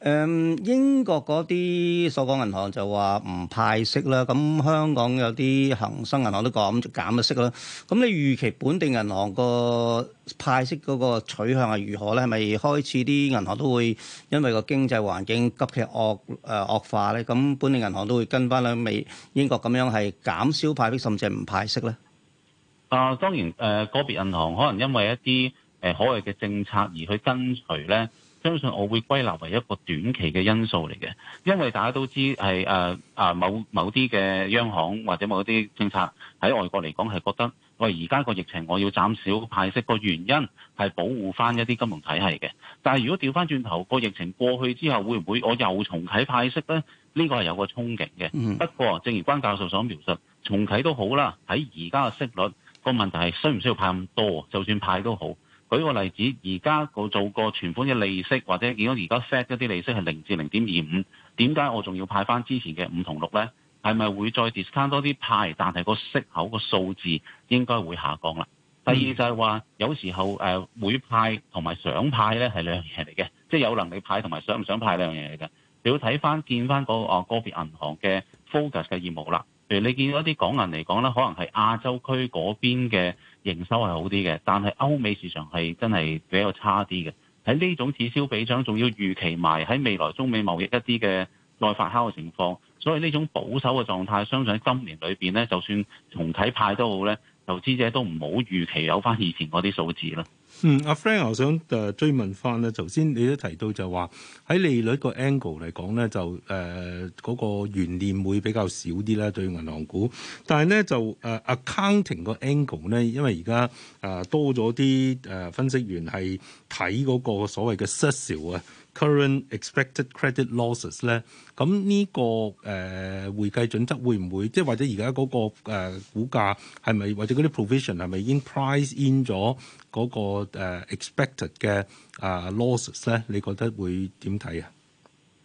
誒、um, 英國嗰啲所講銀行就話唔派息啦，咁香港有啲恒生銀行都講就減咗息啦。咁你預期本地銀行個派息嗰個取向係如何咧？係咪開始啲銀行都會因為個經濟環境急劇惡誒、呃、惡化咧？咁本地銀行都會跟翻兩美英國咁樣係減少派息，甚至係唔派息咧？啊，當然誒、呃，個別銀行可能因為一啲誒、呃、所謂嘅政策而去跟隨咧。相信我會歸納為一個短期嘅因素嚟嘅，因為大家都知係誒誒某某啲嘅央行或者某啲政策喺外國嚟講，係覺得，喂而家個疫情我要減少派息，個原因係保護翻一啲金融體系嘅。但係如果調翻轉頭個疫情過去之後會唔會我又重啟派息咧？呢、這個係有個憧憬嘅。嗯、不過正如關教授所描述，重啟都好啦。喺而家嘅息率，個問題，係需唔需要派咁多？就算派都好。舉個例子，而家個做個存款嘅利息，或者見到而家 set 一啲利息係零至零點二五，點解我仲要派翻之前嘅五同六咧？係咪會再 discount 多啲派？但係個息口個數字應該會下降啦。第二就係話，有時候誒會派同埋想派咧係兩樣嘢嚟嘅，即係有能力派同埋想唔想派兩樣嘢嚟嘅。你要睇翻見翻嗰個啊個別銀行嘅 focus 嘅業務啦。譬如你見到一啲港銀嚟講咧，可能係亞洲區嗰邊嘅。營收係好啲嘅，但係歐美市場係真係比較差啲嘅。喺呢種此消彼長，仲要預期埋喺未來中美貿易一啲嘅再發酵嘅情況，所以呢種保守嘅狀態，相信喺今年裏邊呢，就算重啟派都好呢。投資者都唔好預期有翻以前嗰啲數字啦。嗯，阿、啊、Frank，我想誒、呃、追問翻咧，頭先你都提到就話喺利率個 angle 嚟講咧，就誒嗰、呃、那個懸念會比較少啲咧，對於銀行股，但係咧就誒、呃、accounting 個 angle 咧，因為而家誒多咗啲誒分析員係睇嗰個所謂嘅 special 啊。Current expected credit losses 咧、這個，咁呢個誒會計準則會唔會，即係或者而家嗰個、呃、股價係咪，或者嗰啲 provision 係咪已經 price in 咗嗰、那個、呃、expected 嘅啊 losses 咧？呃、es，你覺得會點睇啊？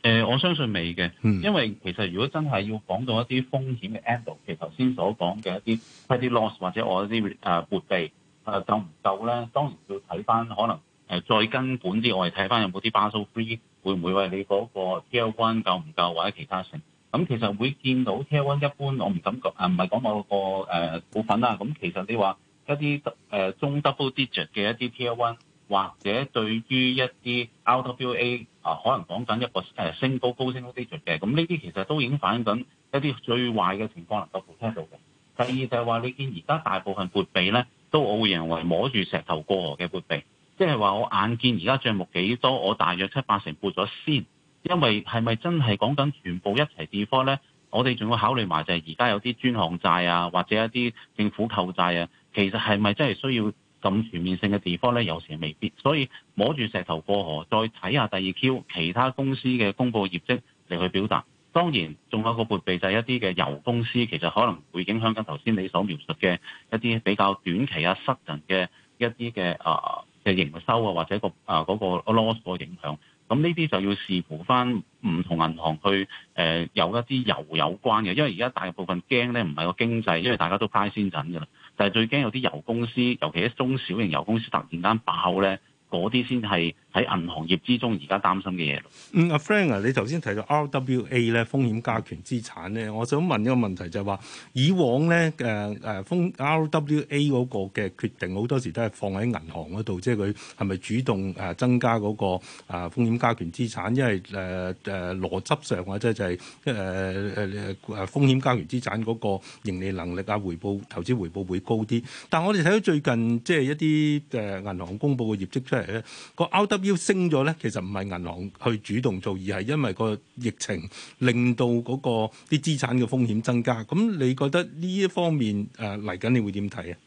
誒、呃，我相信未嘅，嗯、因為其實如果真係要講到一啲風險嘅 end，其頭先所講嘅一啲 credit loss 或者我一啲誒、啊、撥備誒、啊、夠唔夠咧，當然要睇翻可能。誒再根本啲，我係睇翻有冇啲 Basel 3會唔會為你嗰個 Tier 1夠唔夠或者其他性咁、嗯，其實會見到 Tier 1一般，我唔敢講啊，唔係講某個誒股份啦。咁、嗯、其實你話一啲誒、呃、中 double digit 嘅一啲 Tier 1，或者對於一啲 out RWA 啊，可能講緊一個誒升高高升 d digit 嘅咁，呢、嗯、啲其實都已經反映緊一啲最壞嘅情況能夠聽到嘅。第二就係話，你見而家大部分撥備咧，都我會認為摸住石頭過河嘅撥備。即係話我眼見而家帳目幾多，我大約七八成撥咗先，因為係咪真係講緊全部一齊地方呢？我哋仲要考慮埋就係而家有啲專項債啊，或者一啲政府購債啊，其實係咪真係需要咁全面性嘅地方呢？有時未必，所以摸住石頭過河，再睇下第二 Q 其他公司嘅公布業績嚟去表達。當然，仲有個撥備就係一啲嘅油公司，其實可能會影響緊頭先你所描述嘅一啲比較短期啊失人嘅一啲嘅啊。Uh, 嘅營收啊，或者個啊嗰、那個 loss 個影響，咁呢啲就要視乎翻唔同銀行去誒、呃，有一啲油有關嘅，因為而家大部分驚咧，唔係個經濟，因為大家都乖先陣㗎啦，但係最驚有啲油公司，尤其係中小型油公司突然間爆咧。嗰啲先係喺銀行業之中而家擔心嘅嘢，嗯，阿 Frank 啊，你頭先提到 RWA 咧，風險加權資產咧，我想問一個問題就係、是、話，以往咧誒誒風 RWA 嗰個嘅決定好多時都係放喺銀行嗰度，即係佢係咪主動誒增加嗰個啊風險加權資產？因為誒誒、呃、邏輯上或者就係誒誒誒風險加權資產嗰個盈利能力啊、回報、投資回報會高啲。但係我哋睇到最近即係一啲誒銀行公佈嘅業績，出嚟。個 RW 升咗咧，其實唔係銀行去主動做，而係因為個疫情令到嗰個啲資產嘅風險增加。咁你覺得呢一方面誒嚟緊，啊、你會點睇啊？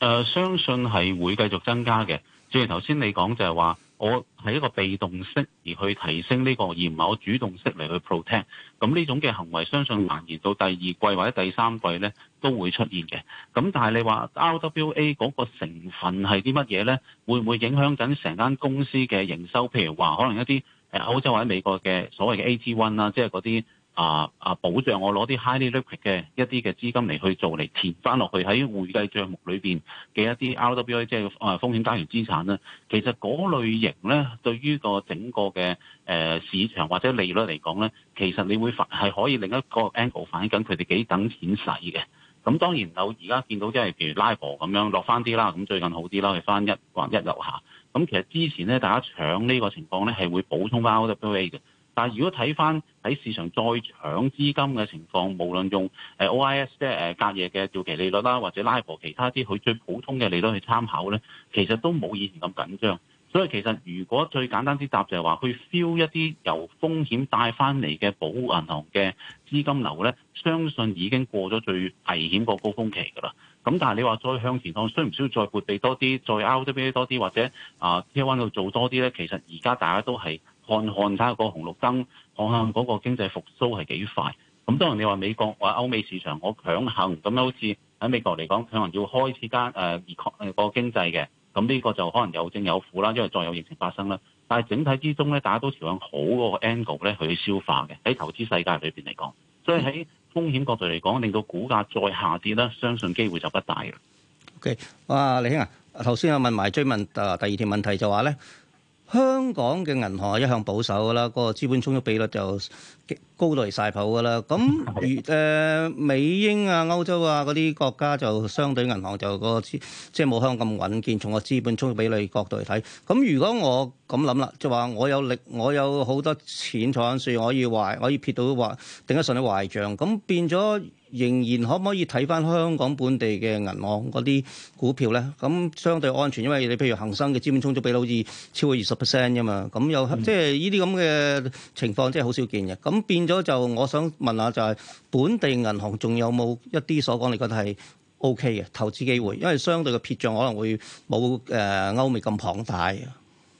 誒、呃，相信係會繼續增加嘅。正如頭先你講，就係、是、話我係一個被動式而去提升呢、這個，而唔係我主動式嚟去 protect。咁、嗯、呢種嘅行為，相信蔓延到第二季或者第三季呢都會出現嘅。咁、嗯、但係你話 RWA 嗰個成分係啲乜嘢呢？會唔會影響緊成間公司嘅營收？譬如話，可能一啲誒澳洲或者美國嘅所謂嘅 AT1 啦、啊，即係嗰啲。啊啊！保障我攞啲 highly liquid 嘅一啲嘅資金嚟去做嚟填翻落去喺會計帳目裏邊嘅一啲 RWA 即係誒風險加權資產咧，其實嗰類型咧對於個整個嘅誒、呃、市場或者利率嚟講咧，其實你會反係可以另一個 angle 反映緊佢哋幾等錢使嘅。咁當然有而家見到即係譬如 LIBOR 咁樣落翻啲啦，咁最近好啲啦，去翻一萬一樓下。咁其實之前咧，大家搶呢個情況咧係會補充翻 RWA 嘅。但係如果睇翻喺市場再搶資金嘅情況，無論用誒 OIS 即係誒隔夜嘅調期利率啦，或者拉薄其他啲佢最普通嘅利率去參考咧，其實都冇以前咁緊張。所以其實如果最簡單啲答就係話，去 feel 一啲由風險帶翻嚟嘅保護銀行嘅資金流咧，相信已經過咗最危險個高峰期㗎啦。咁但係你話再向前看，需唔需要再撥備多啲，再 RWA 多啲，或者啊 T1 度做多啲咧？其實而家大家都係。看看睇下個紅綠燈，看看嗰個經濟復甦係幾快。咁當然你話美國話歐美市場我強行，咁啊好似喺美國嚟講，可能要開始間誒熱擴誒個經濟嘅。咁呢個就可能有正有負啦，因為再有疫情發生啦。但係整體之中咧，大家都朝向好嗰個 angle 咧去消化嘅。喺投資世界裏邊嚟講，所以喺風險角度嚟講，令到股價再下跌啦，相信機會就不大嘅。OK，哇，李兄啊，頭先我問埋追問誒、呃、第二條問題就話咧。香港嘅銀行係一向保守噶啦，個資本充足比率就高到嚟晒譜噶啦。咁如誒、呃、美英啊、歐洲啊嗰啲國家就相對銀行就、個資即係冇香港咁穩健，從個資本充足比率角度嚟睇。咁如果我咁諗啦，就話我有力，我有好多錢坐緊樹，我可以壞，可以撇到得壞，頂得順你壞賬，咁變咗。仍然可唔可以睇翻香港本地嘅銀行嗰啲股票咧？咁相對安全，因為你譬如恒生嘅資本充足比率好似超過二十 percent 啫嘛。咁又、嗯、即係呢啲咁嘅情況，即係好少見嘅。咁變咗就，我想問下就係、是、本地銀行仲有冇一啲所講？你覺得係 O K 嘅投資機會？因為相對嘅撇賬可能會冇誒、呃、歐美咁龐大。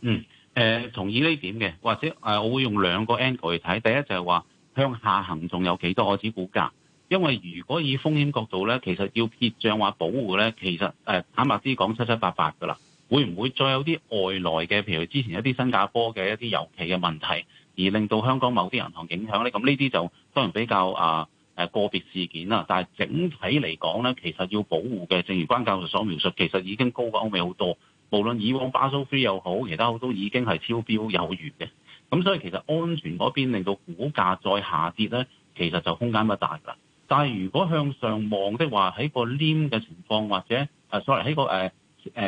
嗯，誒、呃、同意呢點嘅，或者誒、呃、我會用兩個 angle 去睇。第一就係話向下行仲有幾多？我指股價。因為如果以風險角度咧，其實要結帳話保護咧，其實誒坦白啲講七七八八噶啦，會唔會再有啲外來嘅，譬如之前一啲新加坡嘅一啲油期嘅問題，而令到香港某啲銀行影響咧？咁呢啲就當然比較啊誒、啊、個別事件啦，但係整體嚟講咧，其實要保護嘅，正如關教授所描述，其實已經高過歐美好多。無論以往巴 b f r e e 又好，其他好都已經係超標有餘嘅。咁所以其實安全嗰邊令到股價再下跌咧，其實就空間不大啦。但係，如果向上望的話，喺個攣嘅情況，或者誒 sorry 喺個誒誒、uh,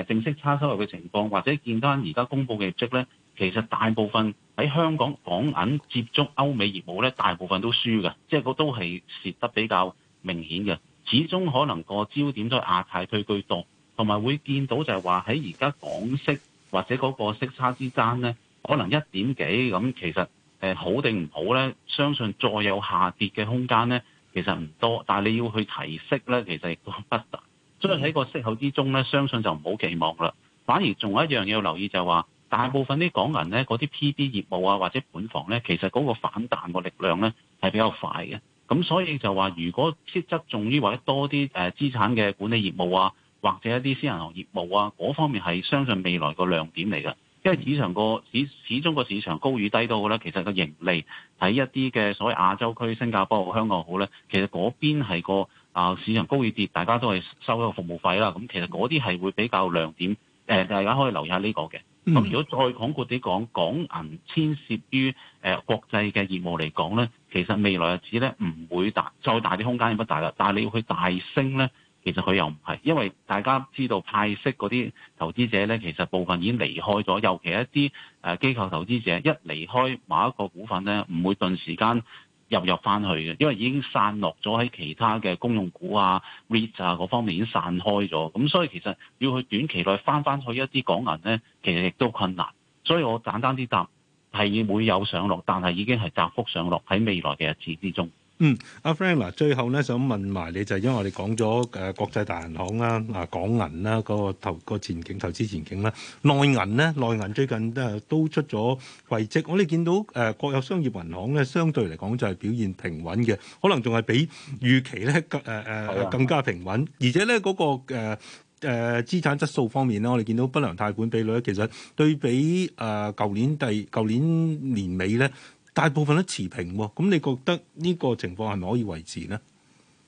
uh, 正式差收入嘅情況，或者見到而家公布嘅業績呢，其實大部分喺香港港銀接觸歐美業務呢，大部分都輸嘅，即係個都係蝕得比較明顯嘅。始終可能個焦點都係亞太區居多，同埋會見到就係話喺而家港息或者嗰個息差之間呢，可能一點幾咁。其實誒好定唔好呢？相信再有下跌嘅空間呢。其實唔多，但係你要去提息咧，其實亦都不大。所以喺個息口之中咧，相信就唔好期望啦。反而仲有一樣嘢要留意就係話，大部分啲港銀咧嗰啲 P D 業務啊，或者本房咧，其實嗰個反彈個力量咧係比較快嘅。咁所以就話，如果偏側重於或者多啲誒資產嘅管理業務啊，或者一啲私人行業務啊，嗰方面係相信未來個亮點嚟嘅。因為市場個始始終個市場高與低都好咧，其實個盈利喺一啲嘅所謂亞洲區，新加坡好，香港好咧，其實嗰邊係個啊市場高與跌，大家都係收一個服務費啦。咁其實嗰啲係會比較亮點，誒大家可以留意下呢、這個嘅。咁、嗯、如果再廣括啲講，港銀牽涉於誒國際嘅業務嚟講咧，其實未來日子咧唔會大，再大啲空間亦不大啦。但係你要去大升咧。其實佢又唔係，因為大家知道派息嗰啲投資者呢，其實部分已經離開咗，尤其一啲誒機構投資者一離開某一個股份呢，唔會頓時間入入翻去嘅，因為已經散落咗喺其他嘅公用股啊、REIT 啊嗰方面已經散開咗，咁所以其實要去短期內翻翻去一啲港銀呢，其實亦都困難。所以我簡單啲答，係會有上落，但係已經係窄幅上落喺未來嘅日子之中。嗯，阿 Frank 嗱，最後咧想問埋你，就係、是、因為我哋講咗誒國際大銀行啦、啊港銀啦、那個投、那個前景、投資前景啦，內銀咧內銀最近都都出咗季績，我哋見到誒、呃、國有商業銀行咧，相對嚟講就係表現平穩嘅，可能仲係比預期咧誒誒更加平穩，而且咧嗰、那個誒誒、呃呃、資產質素方面咧，我哋見到不良貸款比率其實對比誒舊、呃、年第舊年年年尾咧。大部分都持平喎，咁你覺得呢個情況係咪可以維持呢？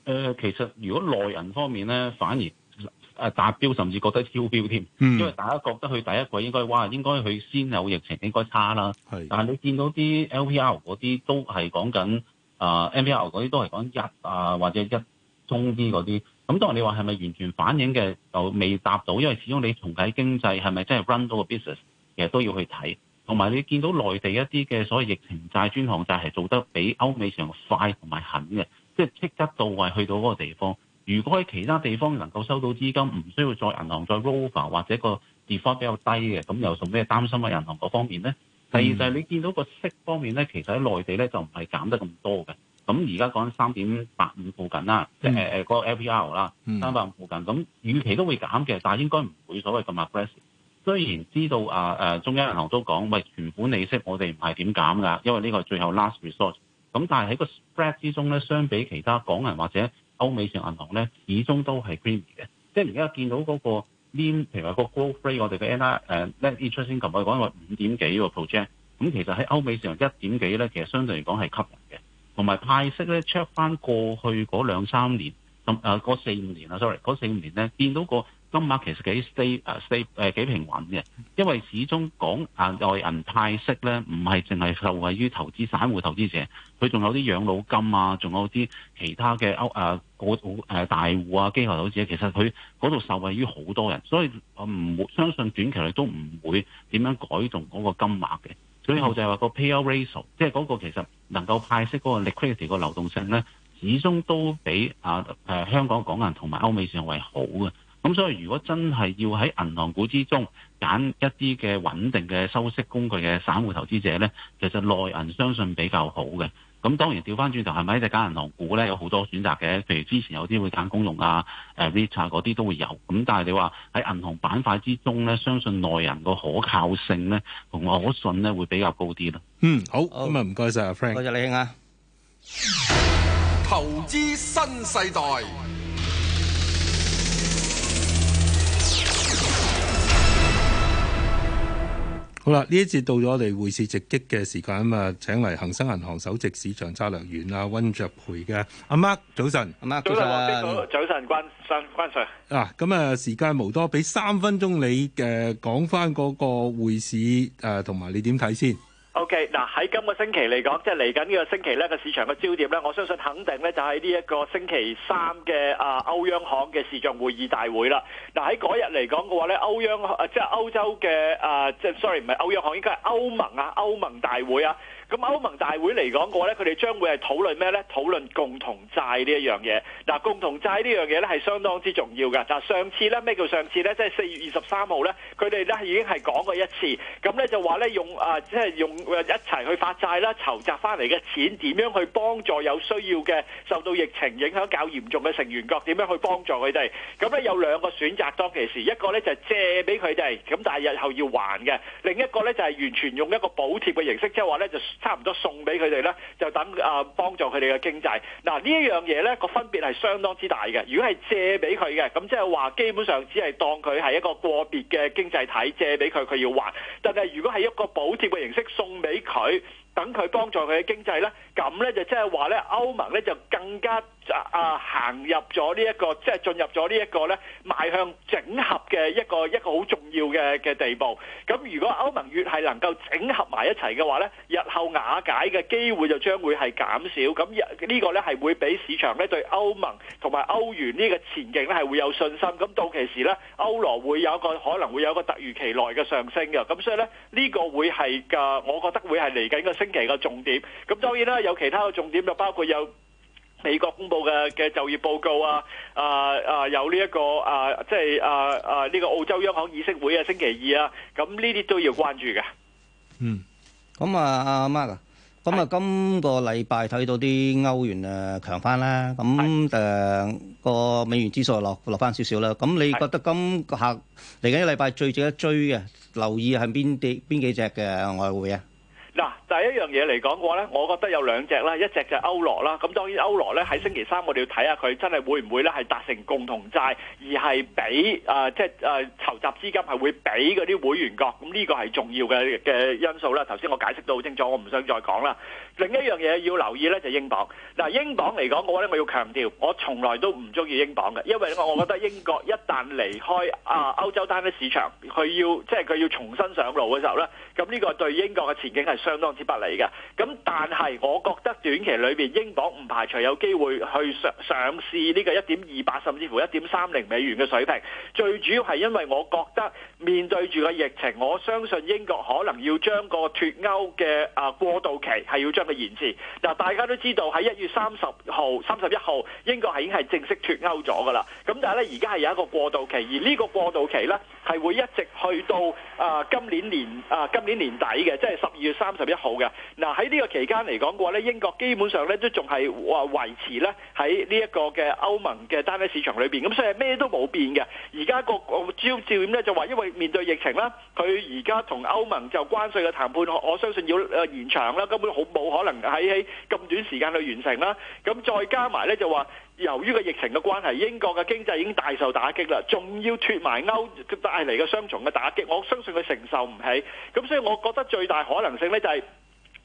誒、呃，其實如果內銀方面呢，反而誒、呃、達標，甚至覺得超標添，嗯、因為大家覺得佢第一季應該，哇，應該佢先有疫情應該差啦。是但係你見到啲 LPR 嗰啲都係講緊誒 MPR 嗰啲都係講一誒、呃、或者一中啲嗰啲。咁當然你話係咪完全反映嘅就未達到？因為始終你重啟經濟係咪真係 run 到個 business，其實都要去睇。同埋你見到內地一啲嘅所謂疫情債、專項債係做得比歐美上快同埋狠嘅，即係即刻到位去到嗰個地方。如果喺其他地方能夠收到資金，唔需要再銀行再 roll 或者個 default 比較低嘅，咁又做咩擔心啊銀行嗰方面咧？嗯、第二就係你見到個息方面咧，其實喺內地咧就唔係減得咁多嘅。咁而家講緊三點八五附近啦，嗯、即係誒個 LPR 啦，三五、嗯、附近，咁預期都會減嘅，但係應該唔會所謂咁 aggressive。雖然知道啊誒、啊，中央銀行都講喂，存款利息我哋唔係點減㗎，因為呢個最後 last resort。咁但係喺個 spread 之中咧，相比其他港銀或者歐美性銀行咧，始終都係 creamy 嘅。即係而家見到嗰個 name，譬如話個 growth rate，我哋嘅 annual e t interest，琴日講話五點幾 project。咁其實喺歐美上一點幾咧，其實相對嚟講係吸引嘅。同埋派息咧，check 翻過去嗰兩三年咁誒嗰四五年啊，sorry，嗰四五年咧，見到個。金額其實幾 stay 誒，stay 誒幾平穩嘅，因為始終講啊外銀派息咧，唔係淨係受惠於投資散戶投資者，佢仲有啲養老金啊，仲有啲其他嘅歐誒個誒大戶啊、機構投資者，其實佢嗰度受惠於好多人，所以我唔相信短期內都唔會點樣改動嗰個金額嘅。最後就係話個 payout ratio，即係嗰個其實能夠派息嗰個 liquidity 個流動性咧，始終都比啊誒香港港銀同埋歐美算係好嘅。咁所以如果真係要喺銀行股之中揀一啲嘅穩定嘅收息工具嘅散戶投資者呢，其實內銀相信比較好嘅。咁當然調翻轉頭係咪一直揀銀行股呢？有好多選擇嘅，譬如之前有啲會揀公用啊、誒 v i c a 嗰啲都會有。咁但係你話喺銀行板塊之中呢，相信內銀個可靠性呢同可信呢會比較高啲咯。嗯，好，咁啊唔該晒阿 Frank，多謝，謝你啊。投資新世代。好啦，呢一節到咗我哋匯市直擊嘅時間咁啊，請嚟恒生銀行首席市場策略員啊，溫卓培嘅，阿 Mark 早晨，阿 Mark 早晨上上，早晨關生關 Sir。嗱、啊，咁、嗯、啊時間無多，俾三分鐘你嘅、呃、講翻嗰個匯市同埋、呃、你點睇先？OK，嗱，喺今個星期嚟講，即係嚟緊呢個星期咧，個市場嘅焦點咧，我相信肯定咧，就喺呢一個星期三嘅啊，歐央行嘅視像會議大會啦。嗱，喺嗰日嚟講嘅話咧，歐央行即係歐洲嘅啊，即係 sorry，唔係歐央行，應該係歐盟啊，歐盟大會啊。咁歐盟大會嚟講過咧佢哋將會係討論咩咧？討論共同債呢一樣嘢。嗱、啊，共同債呢樣嘢咧係相當之重要嘅。就上次咧，咩叫上次呢？即係四月二十三號呢，佢哋咧已經係講過一次。咁咧就話咧用啊，即係用一齊去發債啦，籌集翻嚟嘅錢點樣去幫助有需要嘅受到疫情影響較嚴重嘅成員國點樣去幫助佢哋？咁咧有兩個選擇當其時，一個咧就係借俾佢哋，咁但係日後要還嘅；另一個咧就係完全用一個補貼嘅形式，即係話咧就呢。就差唔多送俾佢哋咧，就等啊、呃、幫助佢哋嘅經濟。嗱呢一樣嘢咧，個分別係相當之大嘅。如果係借俾佢嘅，咁即係話基本上只係當佢係一個個別嘅經濟體借俾佢，佢要還。但係如果係一個補貼嘅形式送俾佢，等佢幫助佢嘅經濟咧，咁咧就即係話咧歐盟咧就更加。啊行入咗呢一個，即係進入咗呢一個咧，邁向整合嘅一個一個好重要嘅嘅地步。咁如果歐盟越係能夠整合埋一齊嘅話咧，日後瓦解嘅機會就將會係減少。咁呢個咧係會俾市場咧對歐盟同埋歐元呢個前景咧係會有信心。咁到期時咧，歐羅會有一個可能會有一個突如其來嘅上升嘅。咁所以咧，呢個會係嘅，我覺得會係嚟緊個星期嘅重點。咁當然啦，有其他嘅重點就包括有。美國公布嘅嘅就業報告啊，啊啊有呢一個啊，即係啊啊呢個澳洲央行議息會啊，星期二啊，咁呢啲都要關注嘅。嗯，咁啊阿 Mark，咁啊今個禮拜睇到啲歐元誒強翻啦，咁誒個美元指數落落翻少少啦，咁你覺得今個客嚟緊一禮拜最值得追嘅留意係邊啲邊幾隻嘅外匯啊？嗱。第一樣嘢嚟講嘅話咧，我覺得有兩隻啦，一隻就歐羅啦。咁當然歐羅咧喺星期三我哋要睇下佢真係會唔會咧係達成共同債，而係俾啊即係啊籌集資金係會俾嗰啲會員國。咁呢個係重要嘅嘅因素啦。頭先我解釋到好清楚，我唔想再講啦。另一樣嘢要留意咧就係英鎊。嗱，英鎊嚟講嘅話咧，我要強調，我從來都唔中意英鎊嘅，因為我覺得英國一旦離開啊歐洲單一市場，佢要即係佢要重新上路嘅時候咧，咁呢個對英國嘅前景係相當接不嚟嘅，咁但係我覺得短期裏邊，英鎊唔排除有機會去上試呢個一點二八甚至乎一點三零美元嘅水平。最主要係因為我覺得面對住個疫情，我相信英國可能要將個脱歐嘅啊過渡期係要將佢延遲。嗱，大家都知道喺一月三十號、三十一號，英國係已經係正式脱歐咗㗎啦。咁但係咧，而家係有一個過渡期，而呢個過渡期呢係會一直去到啊今年年啊今年年底嘅，即係十二月三十一。好嘅，嗱，喺呢個期間嚟講嘅話咧，英國基本上咧都仲係話維持咧喺呢一個嘅歐盟嘅單一市場裏邊，咁所以咩都冇變嘅。而家個焦點咧就話，因為面對疫情啦，佢而家同歐盟就關稅嘅談判，我相信要誒、呃、延長啦，根本好冇可能喺喺咁短時間去完成啦。咁再加埋咧就話。由於個疫情嘅關係，英國嘅經濟已經大受打擊啦，仲要脫埋歐帶嚟嘅雙重嘅打擊，我相信佢承受唔起。咁所以，我覺得最大可能性呢，就係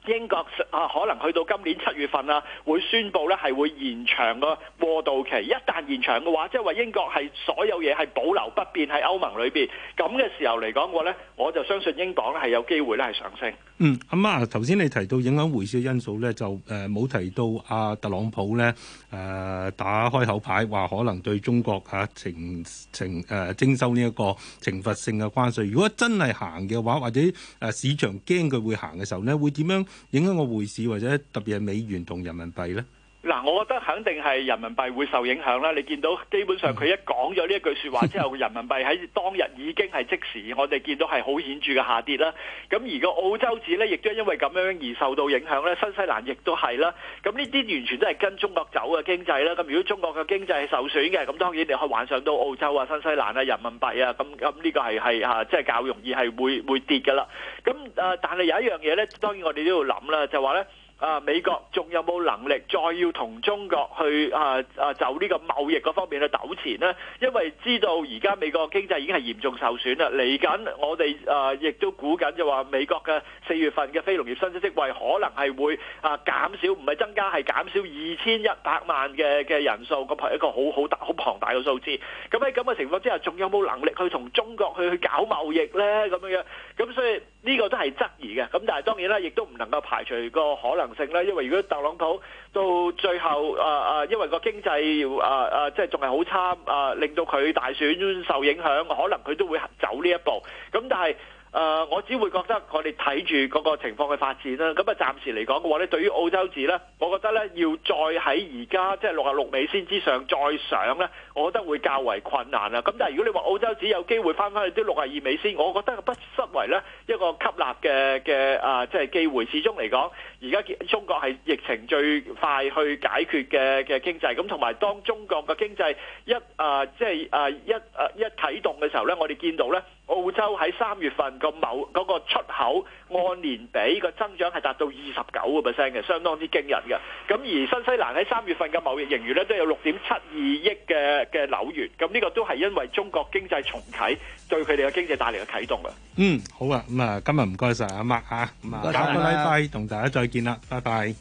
英國啊，可能去到今年七月份啦，啊，會宣布呢係會延長個過渡期。一旦延長嘅話，即係話英國係所有嘢係保留不變喺歐盟裏邊，咁嘅時候嚟講嘅呢，我就相信英鎊咧係有機會咧係上升。嗯，咁啊，頭先你提到影響匯市嘅因素呢，就誒冇、呃、提到啊特朗普呢誒、呃、打開口牌話可能對中國啊懲懲誒徵收呢一個懲罰性嘅關稅。如果真係行嘅話，或者誒市場驚佢會行嘅時候呢，會點樣影響個匯市或者特別係美元同人民幣呢？嗱，我覺得肯定係人民幣會受影響啦。你見到基本上佢一講咗呢一句説話之後， 人民幣喺當日已經係即時，我哋見到係好顯著嘅下跌啦。咁而個澳洲紙咧，亦都因為咁樣而受到影響咧。新西蘭亦都係啦。咁呢啲完全都係跟中國走嘅經濟啦。咁如果中國嘅經濟係受損嘅，咁當然你可以幻想到澳洲啊、新西蘭啊、人民幣啊，咁咁呢個係係啊，即係較容易係會會跌嘅啦。咁誒、啊，但係有一樣嘢咧，當然我哋都要諗啦，就話咧。啊！美國仲有冇能力再要同中國去啊啊就呢個貿易嗰方面去糾纏呢？因為知道而家美國經濟已經係嚴重受損啦，嚟緊我哋啊亦都估緊就話美國嘅四月份嘅非農業新職位可能係會啊減少，唔係增加係減少二千一百萬嘅嘅人數，個係一個好好大好龐大嘅數字。咁喺咁嘅情況之下，仲有冇能力去同中國去去搞貿易呢？咁樣。咁所以呢個都係質疑嘅，咁但係當然啦，亦都唔能夠排除個可能性啦。因為如果特朗普到最後啊啊、呃，因為個經濟啊啊、呃呃，即係仲係好差啊，令到佢大選受影響，可能佢都會走呢一步。咁但係。誒、呃，我只會覺得我哋睇住嗰個情況嘅發展啦。咁啊，暫時嚟講嘅話咧，對於澳洲紙呢，我覺得呢要再喺而家即係六十六美仙之上再上呢，我覺得會較為困難啦。咁但係如果你話澳洲紙有機會翻返去啲六十二美仙，我覺得不失為呢一個吸納嘅嘅啊，即係機會。始終嚟講，而家中國係疫情最快去解決嘅嘅經濟。咁同埋當中國嘅經濟一啊，即係啊一啊一,一啟動嘅時候呢，我哋見到呢澳洲喺三月份。個某個出口按年比個增長係達到二十九個 percent 嘅，相當之驚人嘅。咁而新西蘭喺三月份嘅貿易盈餘咧，都有六點七二億嘅嘅紐元。咁呢個都係因為中國經濟重啟對佢哋嘅經濟帶嚟嘅啟動嘅。嗯，好啊。咁、嗯、啊，今日唔該晒阿麥啊，咁啊，下一個禮拜同大家再見啦，拜拜。